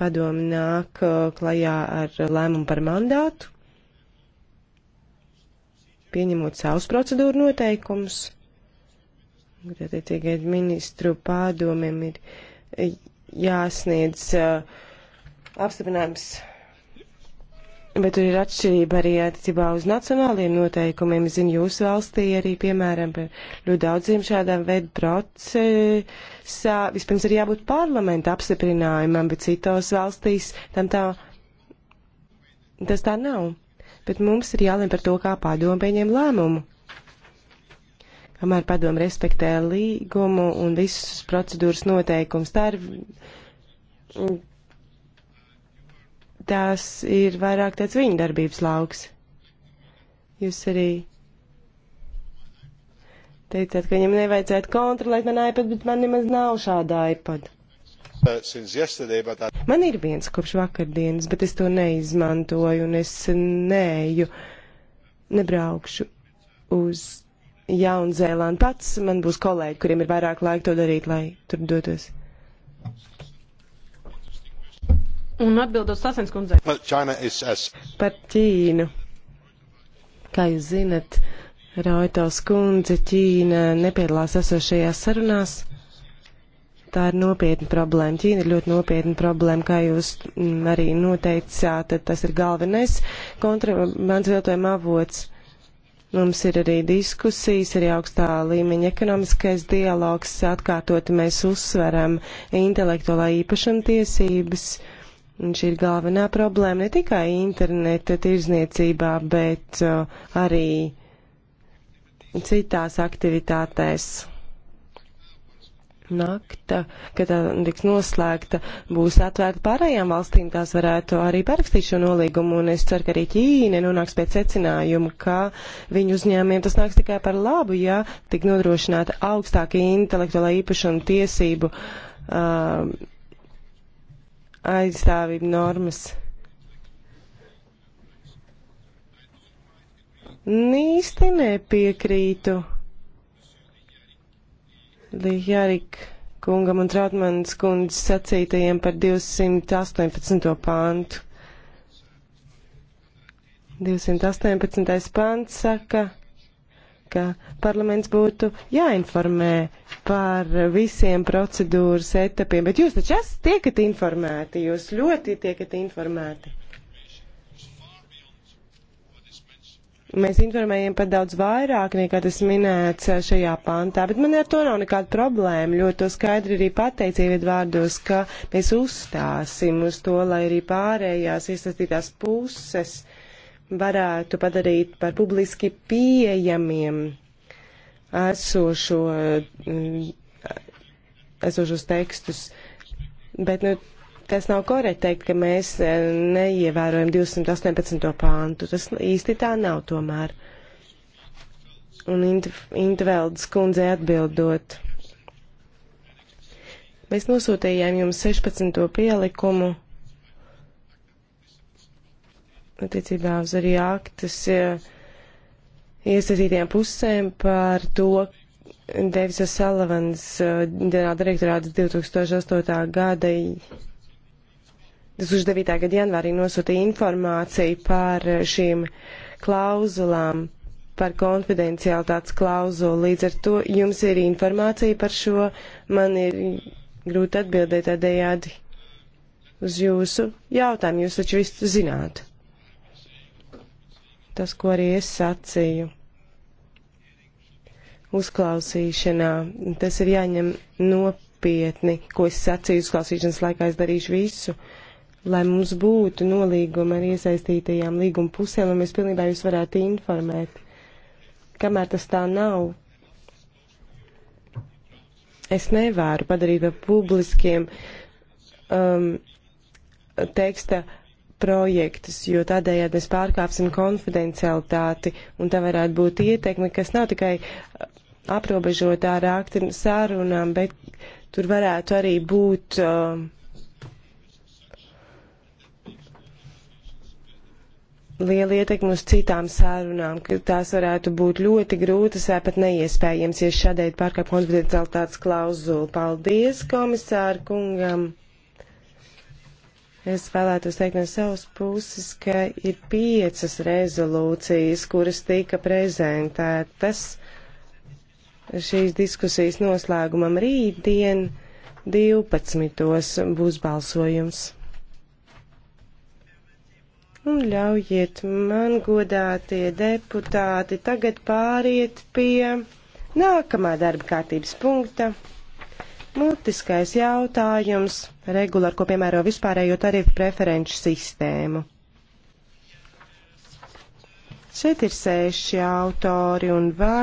padome nāk uh, klajā ar lēmumu par mandātu, pieņemot savus procedūru noteikumus. Tad, tikai ministru pārdomiem ir eh, jāsniedz uh, apstiprinājums, bet tur ir atšķirība arī attiecībā uz nacionāliem noteikumiem. Es zinu, jūsu valstī arī, piemēram, par ļoti daudziem šādām veidu procesā vispirms ir jābūt parlamenta apstiprinājumam, bet citos valstīs tam tā, tas tā nav bet mums ir jālem par to, kā padomu pieņem lēmumu. Kamēr padomu respektē līgumu un visus procedūras noteikums, tā ir. Tās ir vairāk tāds viņa darbības lauks. Jūs arī teicāt, ka viņam nevajadzētu kontrolēt man iPad, bet man nemaz nav šāda iPad. Uh, man ir viens kopš vakardienas, bet es to neizmantoju un es neju, nebraukšu uz Jaunzēlandu. Pats man būs kolēģi, kuriem ir vairāk laika to darīt, lai tur dotos. Un atbildot Sasens kundzei. Uh, Par Ķīnu. Kā jūs zinat, Rautos kundze Ķīna nepiedalās esošajās sarunās tā ir nopietna problēma. Ķīna ir ļoti nopietna problēma, kā jūs mm, arī noteicāt, tas ir galvenais kontrabandas viltojuma avots. Mums ir arī diskusijas, arī augstā līmeņa ekonomiskais dialogs, atkārtoti mēs uzsveram intelektuālā īpašuma tiesības. Un šī ir galvenā problēma ne tikai interneta tirzniecībā, bet uh, arī citās aktivitātēs nakta, kad tā uh, tiks noslēgta, būs atvērta pārējām valstīm, tās varētu arī parakstīt šo nolīgumu, un es ceru, ka arī Ķīna nonāks pie secinājuma, ka viņu uzņēmiem tas nāks tikai par labu, ja tik nodrošināta augstāka intelektuālā īpašuma tiesību uh, aizstāvību normas. Nīsti nepiekrītu Jārik kungam un Trautmanas kundzes sacītajiem par 218. pāntu. 218. pāns saka, ka parlaments būtu jāinformē par visiem procedūras etapiem, bet jūs taču esat tiekat informēti, jūs ļoti tiekat informēti. mēs informējam par daudz vairāk nekā tas minēts eh, šajā pantā, bet man ar to nav nekāda problēma. Ļoti to skaidri arī pateicu ievadvārdos, ka mēs uzstāsim uz to, lai arī pārējās iesaistītās puses varētu padarīt par publiski pieejamiem esošo, mm, esošos tekstus. Bet, nu, tas nav korekti teikt, ka mēs e, neievērojam 218. pāntu. Tas īsti tā nav tomēr. Un Intveldes kundzei atbildot. Mēs nosūtījām jums 16. pielikumu attiecībā uz arī aktas e, iesaistītajām pusēm par to, Deivisa Salavans e, ģenerāldirektorāts 2008. gada 2009. gada janvārī nosūtīja informāciju par šīm klauzulām, par konfidenciālitātes klauzulu. Līdz ar to jums ir informācija par šo. Man ir grūti atbildēt tādējādi uz jūsu jautājumu. Jūs taču visu zināt. Tas, ko arī es sacīju uzklausīšanā, tas ir jāņem nopietni, ko es sacīju uzklausīšanas laikā. Es darīšu visu. Uh, lai mums būtu nolīguma ar iesaistītajām līguma pusēm, un mēs pilnībā jūs varētu informēt. Kamēr tas tā nav, es nevaru padarīt par publiskiem um, teksta projektus, jo tādējādi mēs pārkāpsim konfidencialitāti, un tā varētu būt ietekme, kas nav tikai aprobežotā ar aktu sarunām, bet tur varētu arī būt. Um, liela ietekme uz citām sārunām, ka tās varētu būt ļoti grūtas vai pat neiespējams, ja šādēļ pārkāp konfidencialitātes klauzulu. Paldies komisāru kungam! Es vēlētos teikt no savas puses, ka ir piecas rezolūcijas, kuras tika prezentētas šīs diskusijas noslēgumam rītdien 12. būs balsojums. Un ļaujiet man, godātie deputāti, tagad pāriet pie nākamā darba kārtības punkta. Mutiskais jautājums - regulāri, ko piemēro vispārējo tarifu preferenču sistēmu. Šeit ir seši autori un vārds.